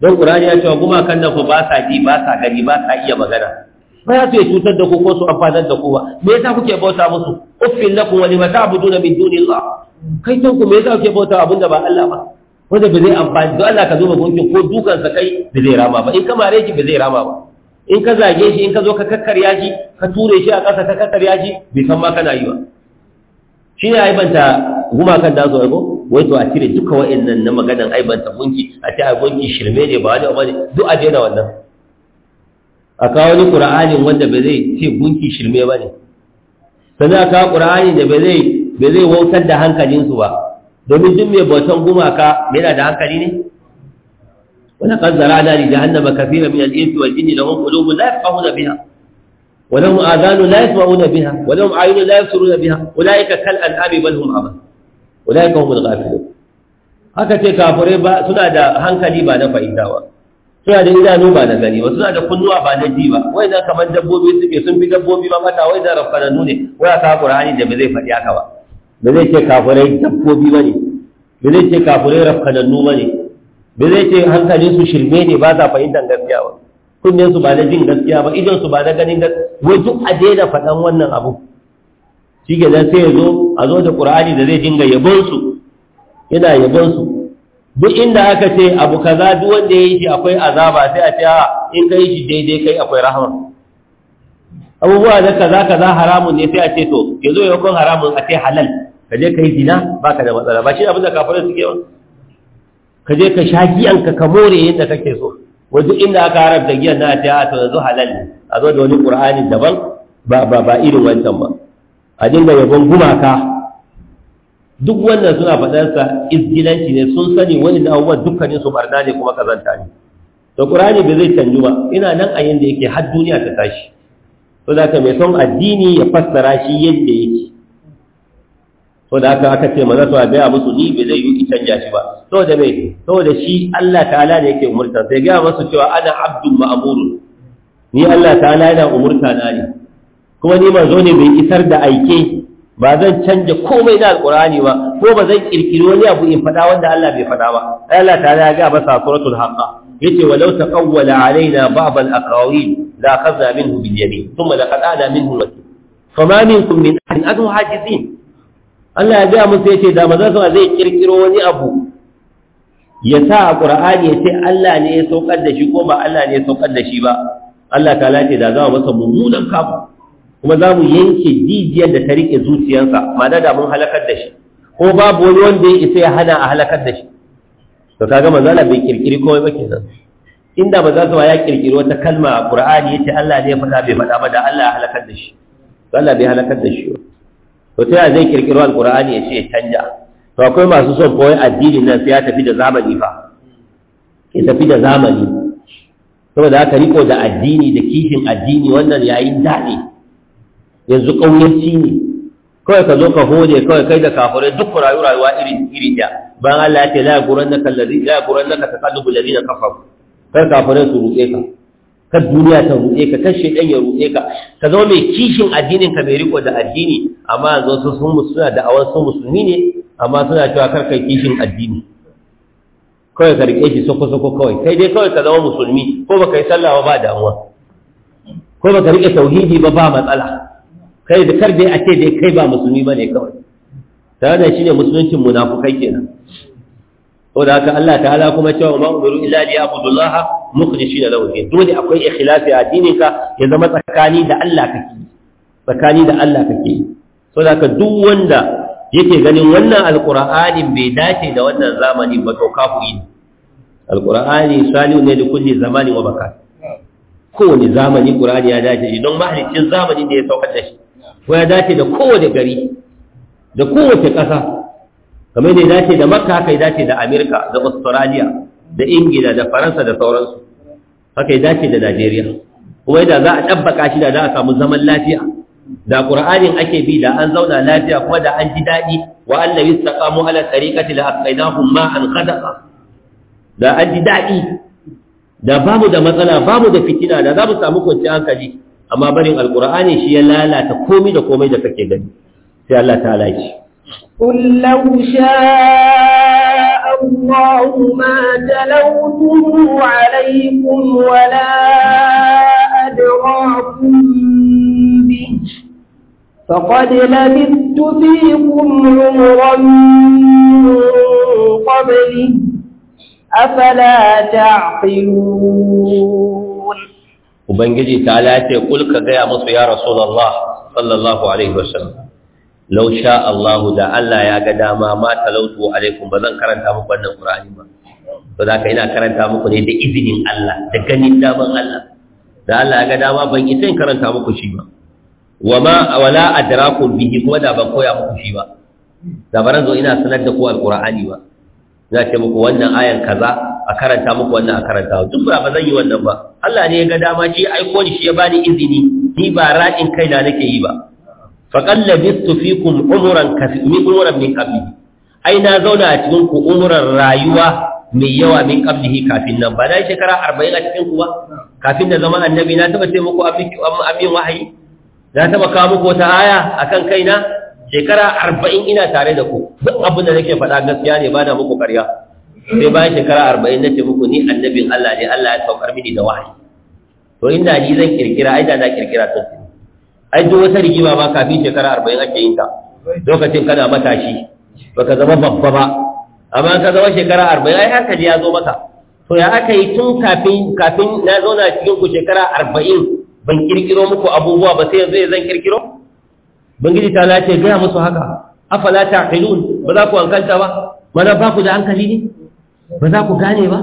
don qur'ani ya cewa gumakan nan ku ba sa ji ba sa gani ba sa iya magana ba ya su ya cutar da ku ko su amfanar da ku ba me yasa kuke bauta musu uffin lakum wa lima ta'buduna min dunillah kai tan ku me yasa kuke bauta abinda ba Allah ba wanda ba zai amfani don Allah ka zo ba gunkin ko dukansa kai ba zai rama ba in ka mare shi ba zai rama ba in ka zage shi in ka zo ka kakkarya shi ka ture shi a ƙasa ka kakkarya shi bai san ma kana yi ba shi ne aibanta gumakan da zuwa ko wai to a cire duka wa'annan na maganan aibanta gunki a ce a gunki shirme ne ba wani abu ne duk a daina wannan a kawo ni qur'anin wanda ba zai ce gunki shirme ba ne sannan a kawo qur'anin da ba zai ba zai wautar da hankalinsu ba domin duk mai bautan gumaka yana da hankali ne wani kan zara da jahannama kafira min al-insi wal jinni lahum qulubun la yafqahuna biha ولهم آذان لا يسمعون بها ولهم أعين لا يبصرون بها أولئك كالأنعام بل هم أضل أولئك هم الغافلون haka ce kafirai ba suna da hankali ba na fahimta ba suna da idanu ba na gani ba suna da kunnuwa ba na ji ba wai da kamar dabbobi suke sun fi dabbobi ba mata wai da rafananu ne wai aka qur'ani da ba zai faɗi haka ba ba zai ce kafirai dabbobi ba ne ba zai ce kafirai rafananu ba ne ba zai ce hankalin su shirme ne ba za fahimtar gaskiya ba kunnen su ba na jin gaskiya ba idan su ba na ganin gaskiya wai duk a daina faɗan wannan abu shi ke nan sai ya zo a zo da qur'ani da zai dinga yabon su yana yabon su duk inda aka ce abu kaza duk wanda ya yi shi akwai azaba sai a ce a in kai shi daidai kai akwai rahama abubuwa da kaza kaza haramun ne sai a ce to ya zo yakon haramun a ce halal ka je ka yi zina ba ka da matsala ba shi abin da kafirai suke ba ka je ka sha giyanka ka more yadda kake so wajen inda aka da giyan na ta a yanzu halal ne a zo da wani ƙur'ani daban ba irin wancan ba a dinga yabon gumaka duk wannan suna faɗarsa izgilanci ne sun sani wani da abubuwan dukkanin su barna ne kuma kazanta ne to ƙur'ani bai zai canju ba ina nan a yadda yake har duniya ta tashi to da mai son addini ya fassara shi yadda yake to da aka aka ce manzo a biya musu ni bai zai yi canja shi ba saboda me saboda shi Allah ta'ala ne yake umurta sai ga masu cewa ana abdul ma'murun ni Allah ta'ala yana umurta na ne kuma ni manzo ne mai isar da aike ba zan canja komai na alqur'ani ba ko ba zan kirkiri wani abu in fada wanda Allah bai fada ba Allah ta'ala ya ga ba suratul haqa yace walau taqawwala alaina ba'd al-aqawil la akhadna minhu bil yamin thumma laqad ana minhu wakil fama minkum min ahadin adhu hajizin Allah ya gaya musu ya ce da manzon sama zai kirkiro wani abu ya sa a ƙura'ani ya ce Allah ne ya saukar da shi ko ba Allah ne ya saukar da shi ba Allah ta lace da za mu masa mummunan kafa kuma za mu yanke jijiyar da ta riƙe zuciyarsa ma da mun halakar da shi ko babu wani wanda ya isa ya hana a halakar da shi to kaga manzo Allah bai kirkiri komai ba kenan inda maza za ya kirkiri wata kalma a Qur'ani yace Allah ne ya faɗa bai faɗa ba da Allah ya halakar da shi Allah bai halakar da shi ba to ta zai kirkiro alqur'ani ya ce ya canja to akwai masu son koyon addini nan sai ya tafi da zamani fa ya tafi da zamani saboda haka riko da addini da kishin addini wannan yayin daɗi yanzu ƙauyenci ne kawai ka zo ka hode kawai kai da kafirai duk rayu rayuwa irin irin da ban Allah ya ce la yagurannaka naka la yagurannaka taqallubul ladina kafaru kar kafirai su ruɗe ka kar duniya ta ruɗe ka kashe shaidan ya ruɗe ka ka zama mai kishin addinin ka mai riko da addini amma yanzu wasu sun suna da awan sun musulmi ne amma suna cewa kar kai kishin addini kawai ka rike shi soko soko kawai kai dai kawai ka zama musulmi ko baka yi sallah ba damuwa ko baka rike tauhidi ba ba matsala kai da kar dai a ce dai kai ba musulmi ba ne kawai tare da shine musuluncin munafukai kenan da haka Allah ta'ala kuma cewa ma umiru illa abudullah mukhlishi da lahu dole akwai ikhlasi a dinin ka ya zama tsakani da Allah kake tsakani da Allah kake so da ka duk wanda yake ganin wannan alqur'ani bai dace da wannan zamani ba to kafiri alqur'ani salihu ne da kulli zamani wa baka kowane zamani qur'ani ya dace don mahalicin zamani da ya saukar da shi ko ya dace da kowane gari da kowace ƙasa kamar ne dace da makka kai dace da amerika da australia da ingila da faransa da sauransu haka ya dace da najeriya kuma da za a ɗabbaka shi da za a samu zaman lafiya da ƙur'anin ake bi da an zauna lafiya kuma da an ji daɗi wa annabi istaqamu ala tariqati la aqainahum ma an khadaqa da an ji daɗi da babu da matsala babu da fitina da za mu samu kwanciyar hankali amma barin alƙur'ani shi ya lalata komai da komai da kake gani sai Allah ta halaye قل الله ما تلوته عليكم ولا أدراكم به فقد لبثت فيكم عمرا من قبله أفلا تعقلون وبنجي تعالى يقول كذا يا رسول الله صلى الله عليه وسلم law sha Allah da Allah ya ga dama ma talautu alaikum ba zan karanta muku wannan Qur'ani ba to zaka ina karanta muku ne da izinin Allah da ganin daman Allah da Allah ya ga dama ban isa in karanta muku shi ba wama wala adraku bihi kuma da ban koya muku shi ba da baran zo ina sanar da ku alqur'ani ba za ce muku wannan ayan kaza a karanta muku wannan a karanta duk ba ba zan yi wannan ba Allah ne ya ga dama shi aiko ni shi ya bani izini ni ba ra'in kaina nake yi ba faqad labistu fikum umuran kaseeran umuran min qabli ai na zauna a cikin ku umuran rayuwa mai yawa min qablihi kafin nan ba na yi shekara arba'in a cikin ku ba kafin da zama annabi na taɓa ce muku abin amin wahayi na taɓa kawo muku wata aya a akan kaina shekara arba'in ina tare da ku duk abin da nake faɗa gaskiya ne ba na muku ƙarya sai bayan shekara arba'in na ce muku ni annabin Allah ne Allah ya saukar mini da wahayi to inda ni zan kirkira ai da na kirkira sosai. ai duk wata rigima ma kafin shekara arba'in ake yin ta lokacin kana matashi baka zama babba ba amma ka zama shekara arba'in ai hankali ya zo maka to ya aka yi tun kafin kafin na zauna cikin ku shekara arba'in ban kirkiro muku abubuwa ba sai yanzu ya zan kirkiro bangiji ta lace gaya musu haka afala taqilun ba za ku hankalta ba ba za ku da hankali ne ba za ku gane ba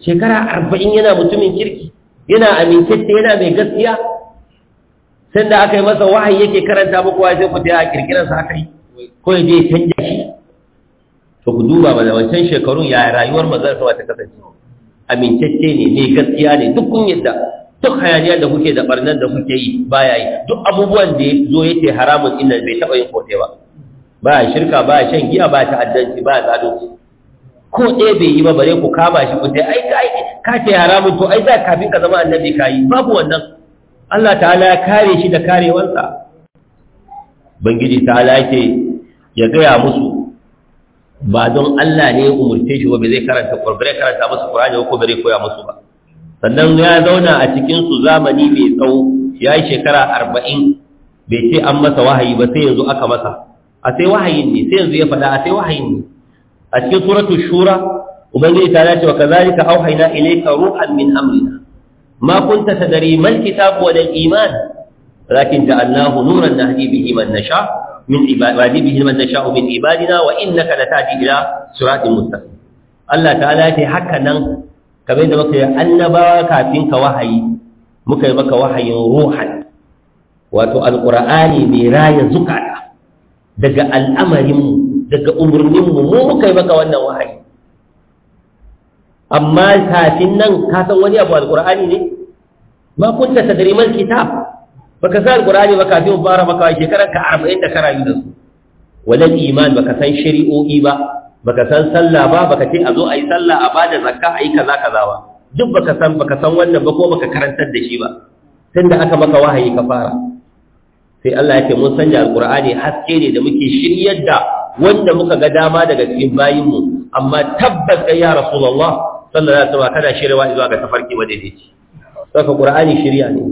shekara arba'in yana mutumin kirki yana amintacce yana mai gaskiya sai da aka yi masa wahayi yake karanta muku sai ku ta kirkiran sa aka yi ko ya je canja shi to ku duba ba da wancan shekarun ya rayuwar manzon sa ta kasance amintacce ne ne gaskiya ne duk kun yadda duk hayaniya da kuke da barnan da kuke yi baya yi duk abubuwan da ya zo yake haramun inda bai taɓa yin kote ba ba shirka ba shan giya ba ta'addanci ba zalunci ko ɗaya bai yi ba bare ku kama shi ku sai ai ka ce haramun to ai za kafin ka zama annabi ka yi babu wannan Allah ta'ala ya kare shi da karewarsa bangiji ta'ala ce ya gaya musu ba don Allah ne ya umurce shi ba bai zai karanta ƙwarbarai karanta musu ƙwarani ko bai koya musu ba sannan ya zauna a cikin su zamani mai tsawo ya yi shekara arba'in bai ce an masa wahayi ba sai yanzu aka masa a sai wahayin ne sai yanzu ya faɗa a sai wahayin ne a cikin suratul shura ubangiji ta ce wa kazalika auhayna ilayka ruhan min amrina ما كنت تدري ما الكتاب ولا الإيمان لكن جعلناه نورا نهدي به من نشاء من عباد به من نشاء من عبادنا وإنك لتأتي إلى صراط مستقيم الله تعالى يتي حكا نن كما يدى مكة أنبا كافينك وحي مكة مكة وحي روحا وتو القرآن مرايا زكاة دقى الأمر دقى أمرنم مو مكة مكة وانا وحي amma kafin nan ka san wani abu alqur'ani ne ma kunta tadriman kitab baka san alqur'ani ba kafin fara maka shekaran ka 40 da karayu da su walal iman baka san shari'o'i ba baka san sallah ba baka ce a zo ayi sallah a bada zakka ayi kaza kaza ba duk baka san baka san wannan ba ko baka karantar da shi ba tunda aka maka wahayi ka fara sai Allah ya ce mun sanya alqur'ani haske ne da muke shiryar da wanda muka ga dama daga cikin bayinmu amma tabbas ya rasulullah sallallahu alaihi wasallam kada shirwa zuwa ga tafarki madaidaici saka qur'ani shirya ne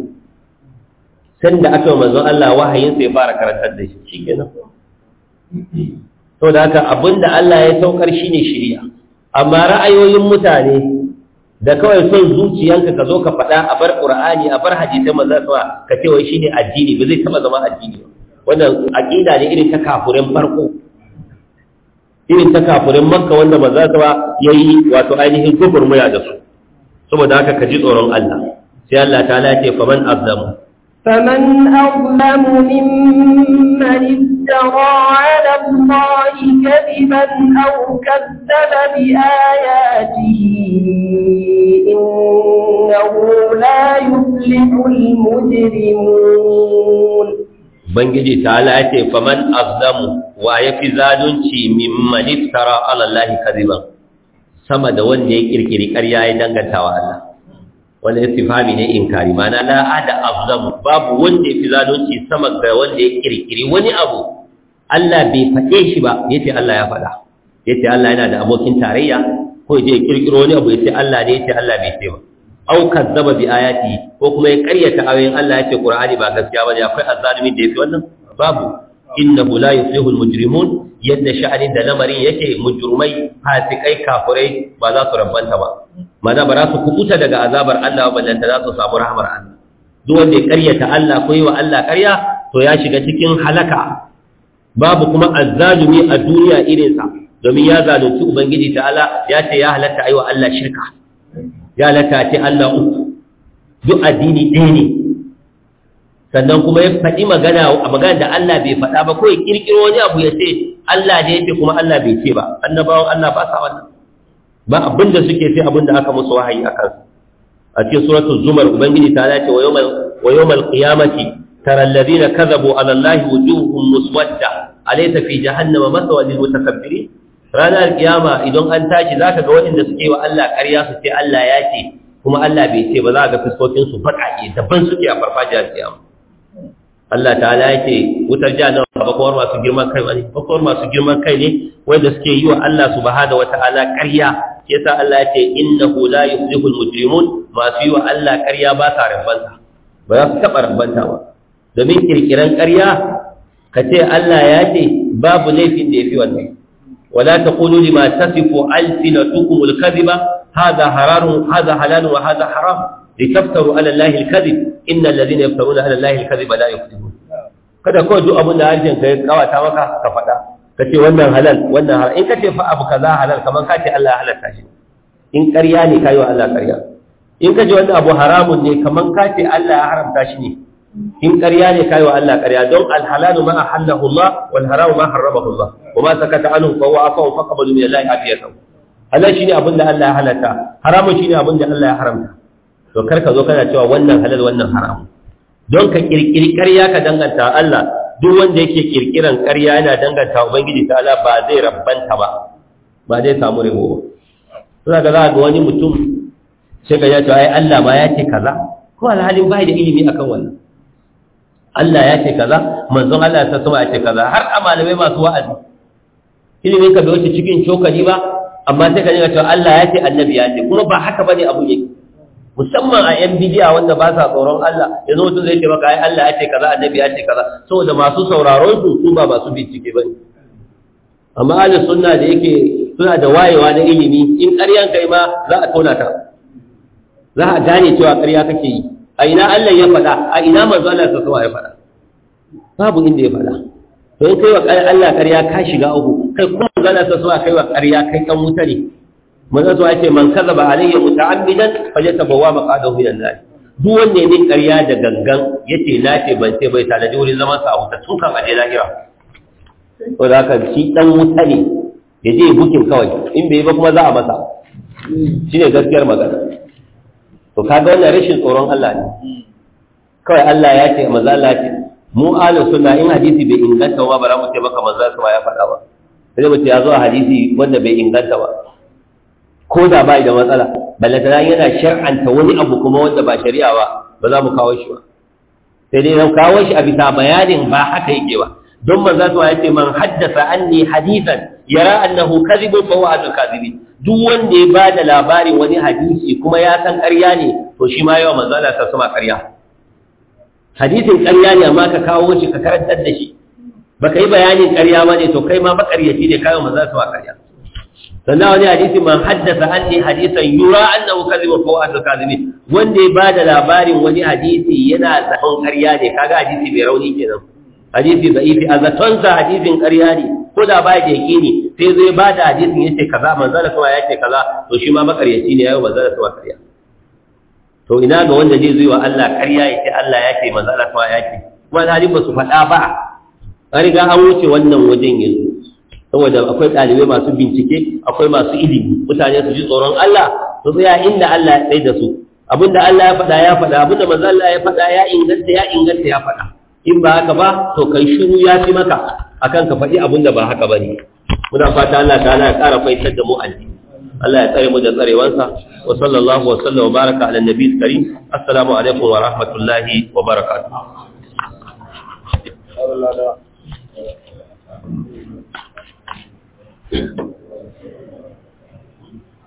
sanda aka yi manzon Allah wahayin sai fara karantar da shi shikenan to da haka abinda Allah ya saukar shine shirya amma ra'ayoyin mutane da kawai son zuciyanka ka zo ka faɗa a bar qur'ani a bar hadisi manzon Allah ka ce wai shine addini ba zai taba zama addini ba wannan aqida ne irin ta kafurin farko irin ta kafirin maka wanda manzo sama yayi wato ainihin gugurmuya da su saboda haka ka ji tsoron Allah sai Allah ta lace faman azlamu faman azlamu mimman iftara ala Allah kadiban aw kadzaba bi ayatihi innahu la yuflihu al mujrimun bangiji ta ala ya ce faman azlamu wa ya fi zalunci mimman iftara alallahi kaziban sama da wanda ya kirkiri karya ya danganta wa Allah wanda istifami ne inkari mana Na ada azlamu babu wanda ya fi zalunci sama da wanda ya kirkiri wani abu Allah bai faɗe shi ba yace Allah ya faɗa yace Allah yana da abokin tarayya ko ya kirkiro wani abu yace Allah ne yace Allah bai ce ba Aukar zaba bi ayati ko kuma ya karyata ayoyin Allah yace Qur'ani ba gaskiya bane akwai azzalimi da yafi wannan babu inna la yuflihul mujrimun yadda sha'anin da lamarin yake mujrimai fasikai kafirai ba za su rabbanta ba maza ba za su kubuta daga azabar Allah ba balle za su samu rahmar Allah duk wanda ya karyata Allah ko yi wa Allah karya to ya shiga cikin halaka babu kuma azzalimi a duniya irinsa domin ya zalunci ubangiji ta'ala ya ce ya halatta aiwa Allah shirka ya lata ce Allah uku duk addini ɗaya ne sannan kuma ya faɗi magana a magana da Allah bai faɗa ba kawai ƙirƙiro wani abu ya ce Allah da yake kuma Allah bai ce ba annabawan Allah ba sa wannan ba abin da suke sai abin da aka musu wahayi a kansu a cikin suratul zumar ubangiji ta ce wa yawmal wa yawmal qiyamati ترى الذين كذبوا على الله وجوههم مسودة jahannama في جهنم مثوى ranar kiyama idan an tashi zaka ga waɗanda suke wa Allah ƙarya su ce Allah ya ce kuma Allah bai ce ba za ga fuskokin su baƙaƙe daban suke a farfajiyar kiyama Allah ta'ala yake wutar jahannam bakwar masu girman kai ne bakwar masu girman kai ne wanda suke yi wa Allah subhanahu wataala ƙarya yasa Allah yake innahu la yuflihul mujrimun masu yi wa Allah ƙarya ba sa rabanta ba za su taɓa rabanta ba domin kirkiran ƙarya ka ce Allah ya ce babu laifin da ya fi wannan ولا تقولوا لما تصف ألسنتكم الكذب هذا حرام هذا حلال وهذا حرام لتفتروا على الله الكذب إن الذين يفترون على الله الكذب لا يفترون kada kawai duk abin da harshen ka ya maka ka faɗa ka ce wannan halal wannan halal in ka ce fa abu kaza halal kamar ka ce Allah halalta shi in ƙarya ne ka yi wa Allah ƙarya in ka ce wannan abu haramun ne kamar ka ce Allah ya haramta shi ne in ƙarya ne kai wa Allah ƙarya don alhalalu ma halahu Allah wal haramu ma harramahu Allah wa ma sakata anhu fa huwa afaw fa qablu min Allah afiyatan Allah shine abin da Allah ya halatta haramun shine abin da Allah ya haramta to kar ka zo kana cewa wannan halal wannan haram don ka kirkiri ƙarya ka danganta Allah duk wanda yake kirkiran ƙarya yana danganta ubangiji ta Allah ba zai rabbanta ba ba zai samu rabo ba sai ga za ga wani mutum sai ka ya ce ai Allah ba ya ce kaza ko alhalin bai da ilimi akan wannan Allah ya ce kaza manzon Allah ta sama ya ce kaza har a malamai masu wa'azi ilimin ka bai wuce cikin cokali ba amma sai ka dinga cewa Allah ya ce annabi ya ce kuma ba haka bane abu yake musamman a yan bidiya wanda ba sa tsoron Allah yanzu mutum zai ce maka ai Allah ya ce kaza annabi ya ce kaza saboda masu sauraron su su ba masu bincike bane amma ahli sunna da yake suna da wayewa na ilimi in ƙaryan kai ma za a tona ta za a gane cewa ƙarya kake yi a ina Allah ya faɗa a ina manzo Allah ta kuma ya faɗa babu inda ya faɗa to in kai wa Allah ƙarya ka shiga uku kai kuma manzo Allah ta kuma kai wa ƙarya kai kan wuta ne manzo ta ce man kazaba alayya muta'ammidan falyatabawa maqadahu minan nar duk wanne ne ƙarya da gangan yace na ce ban ce bai tanaji wurin zaman sa a wuta tun kan aje lahira to da haka shi dan wuta ne ya je bukin kawai in bai ba kuma za a masa shine gaskiyar magana to kaga wannan rashin tsoron Allah ne kawai Allah ya ce maza Allah ce mu ahlus sunna in hadisi bai inganta ba bara mu ce maka maza kuma ya faɗa ba sai mu ce ya zo a hadisi wanda bai inganta ba ko da bai da matsala ballantana yana shar'anta wani abu kuma wanda ba shari'a ba ba za mu kawo shi ba sai dai na kawo shi a bisa bayanin ba haka yake ba don manzo ya ce man haddasa anni hadisan yara annahu kadhibun fa huwa al kadhibin duk wanda ya bada labarin wani hadisi kuma ya san ƙarya ne to shi ma yawa manzo Allah sa sama ƙarya hadisin ƙarya ne amma ka kawo shi ka karantar da shi baka yi bayanin ƙarya ba ne to kai ma makaryaci ne kayan manzo sama ƙarya sannan wani hadisi man haddasa anni hadisan yura annahu kadhibun fa huwa al kadhibin wanda ya bada labarin wani hadisi yana zaban ƙarya ne kaga hadisi mai rauni kenan hadisi za'ifi, a zaton sa hadisin ƙarya ne ko da ba da yake sai zai ba da hadisin yace kaza manzal kuma yace kaza to shi ma makaryaci ne yayi manzal kuma ƙarya to ina ga wanda zai zo wa Allah ƙarya yace Allah yace manzal kuma yace kuma da ba su faɗa ba a riga an wuce wannan wajen yanzu saboda akwai ɗalibai masu bincike akwai masu ilimi mutane su ji tsoron Allah su tsaya inda Allah ya tsaye da su abinda Allah ya faɗa ya faɗa abinda Allah ya faɗa ya inganta ya inganta ya faɗa in ba haka ba to kai shiru ya fi maka akan ka faɗi abin da ba haka ba ne muna fata Allah ta'ala ya ƙara faisar da mu alli. Allah ya tsare mu da tsarewansa wa sallallahu wa sallam wa baraka ala nabi karim assalamu alaikum wa rahmatullahi wa barakatuh Thank you.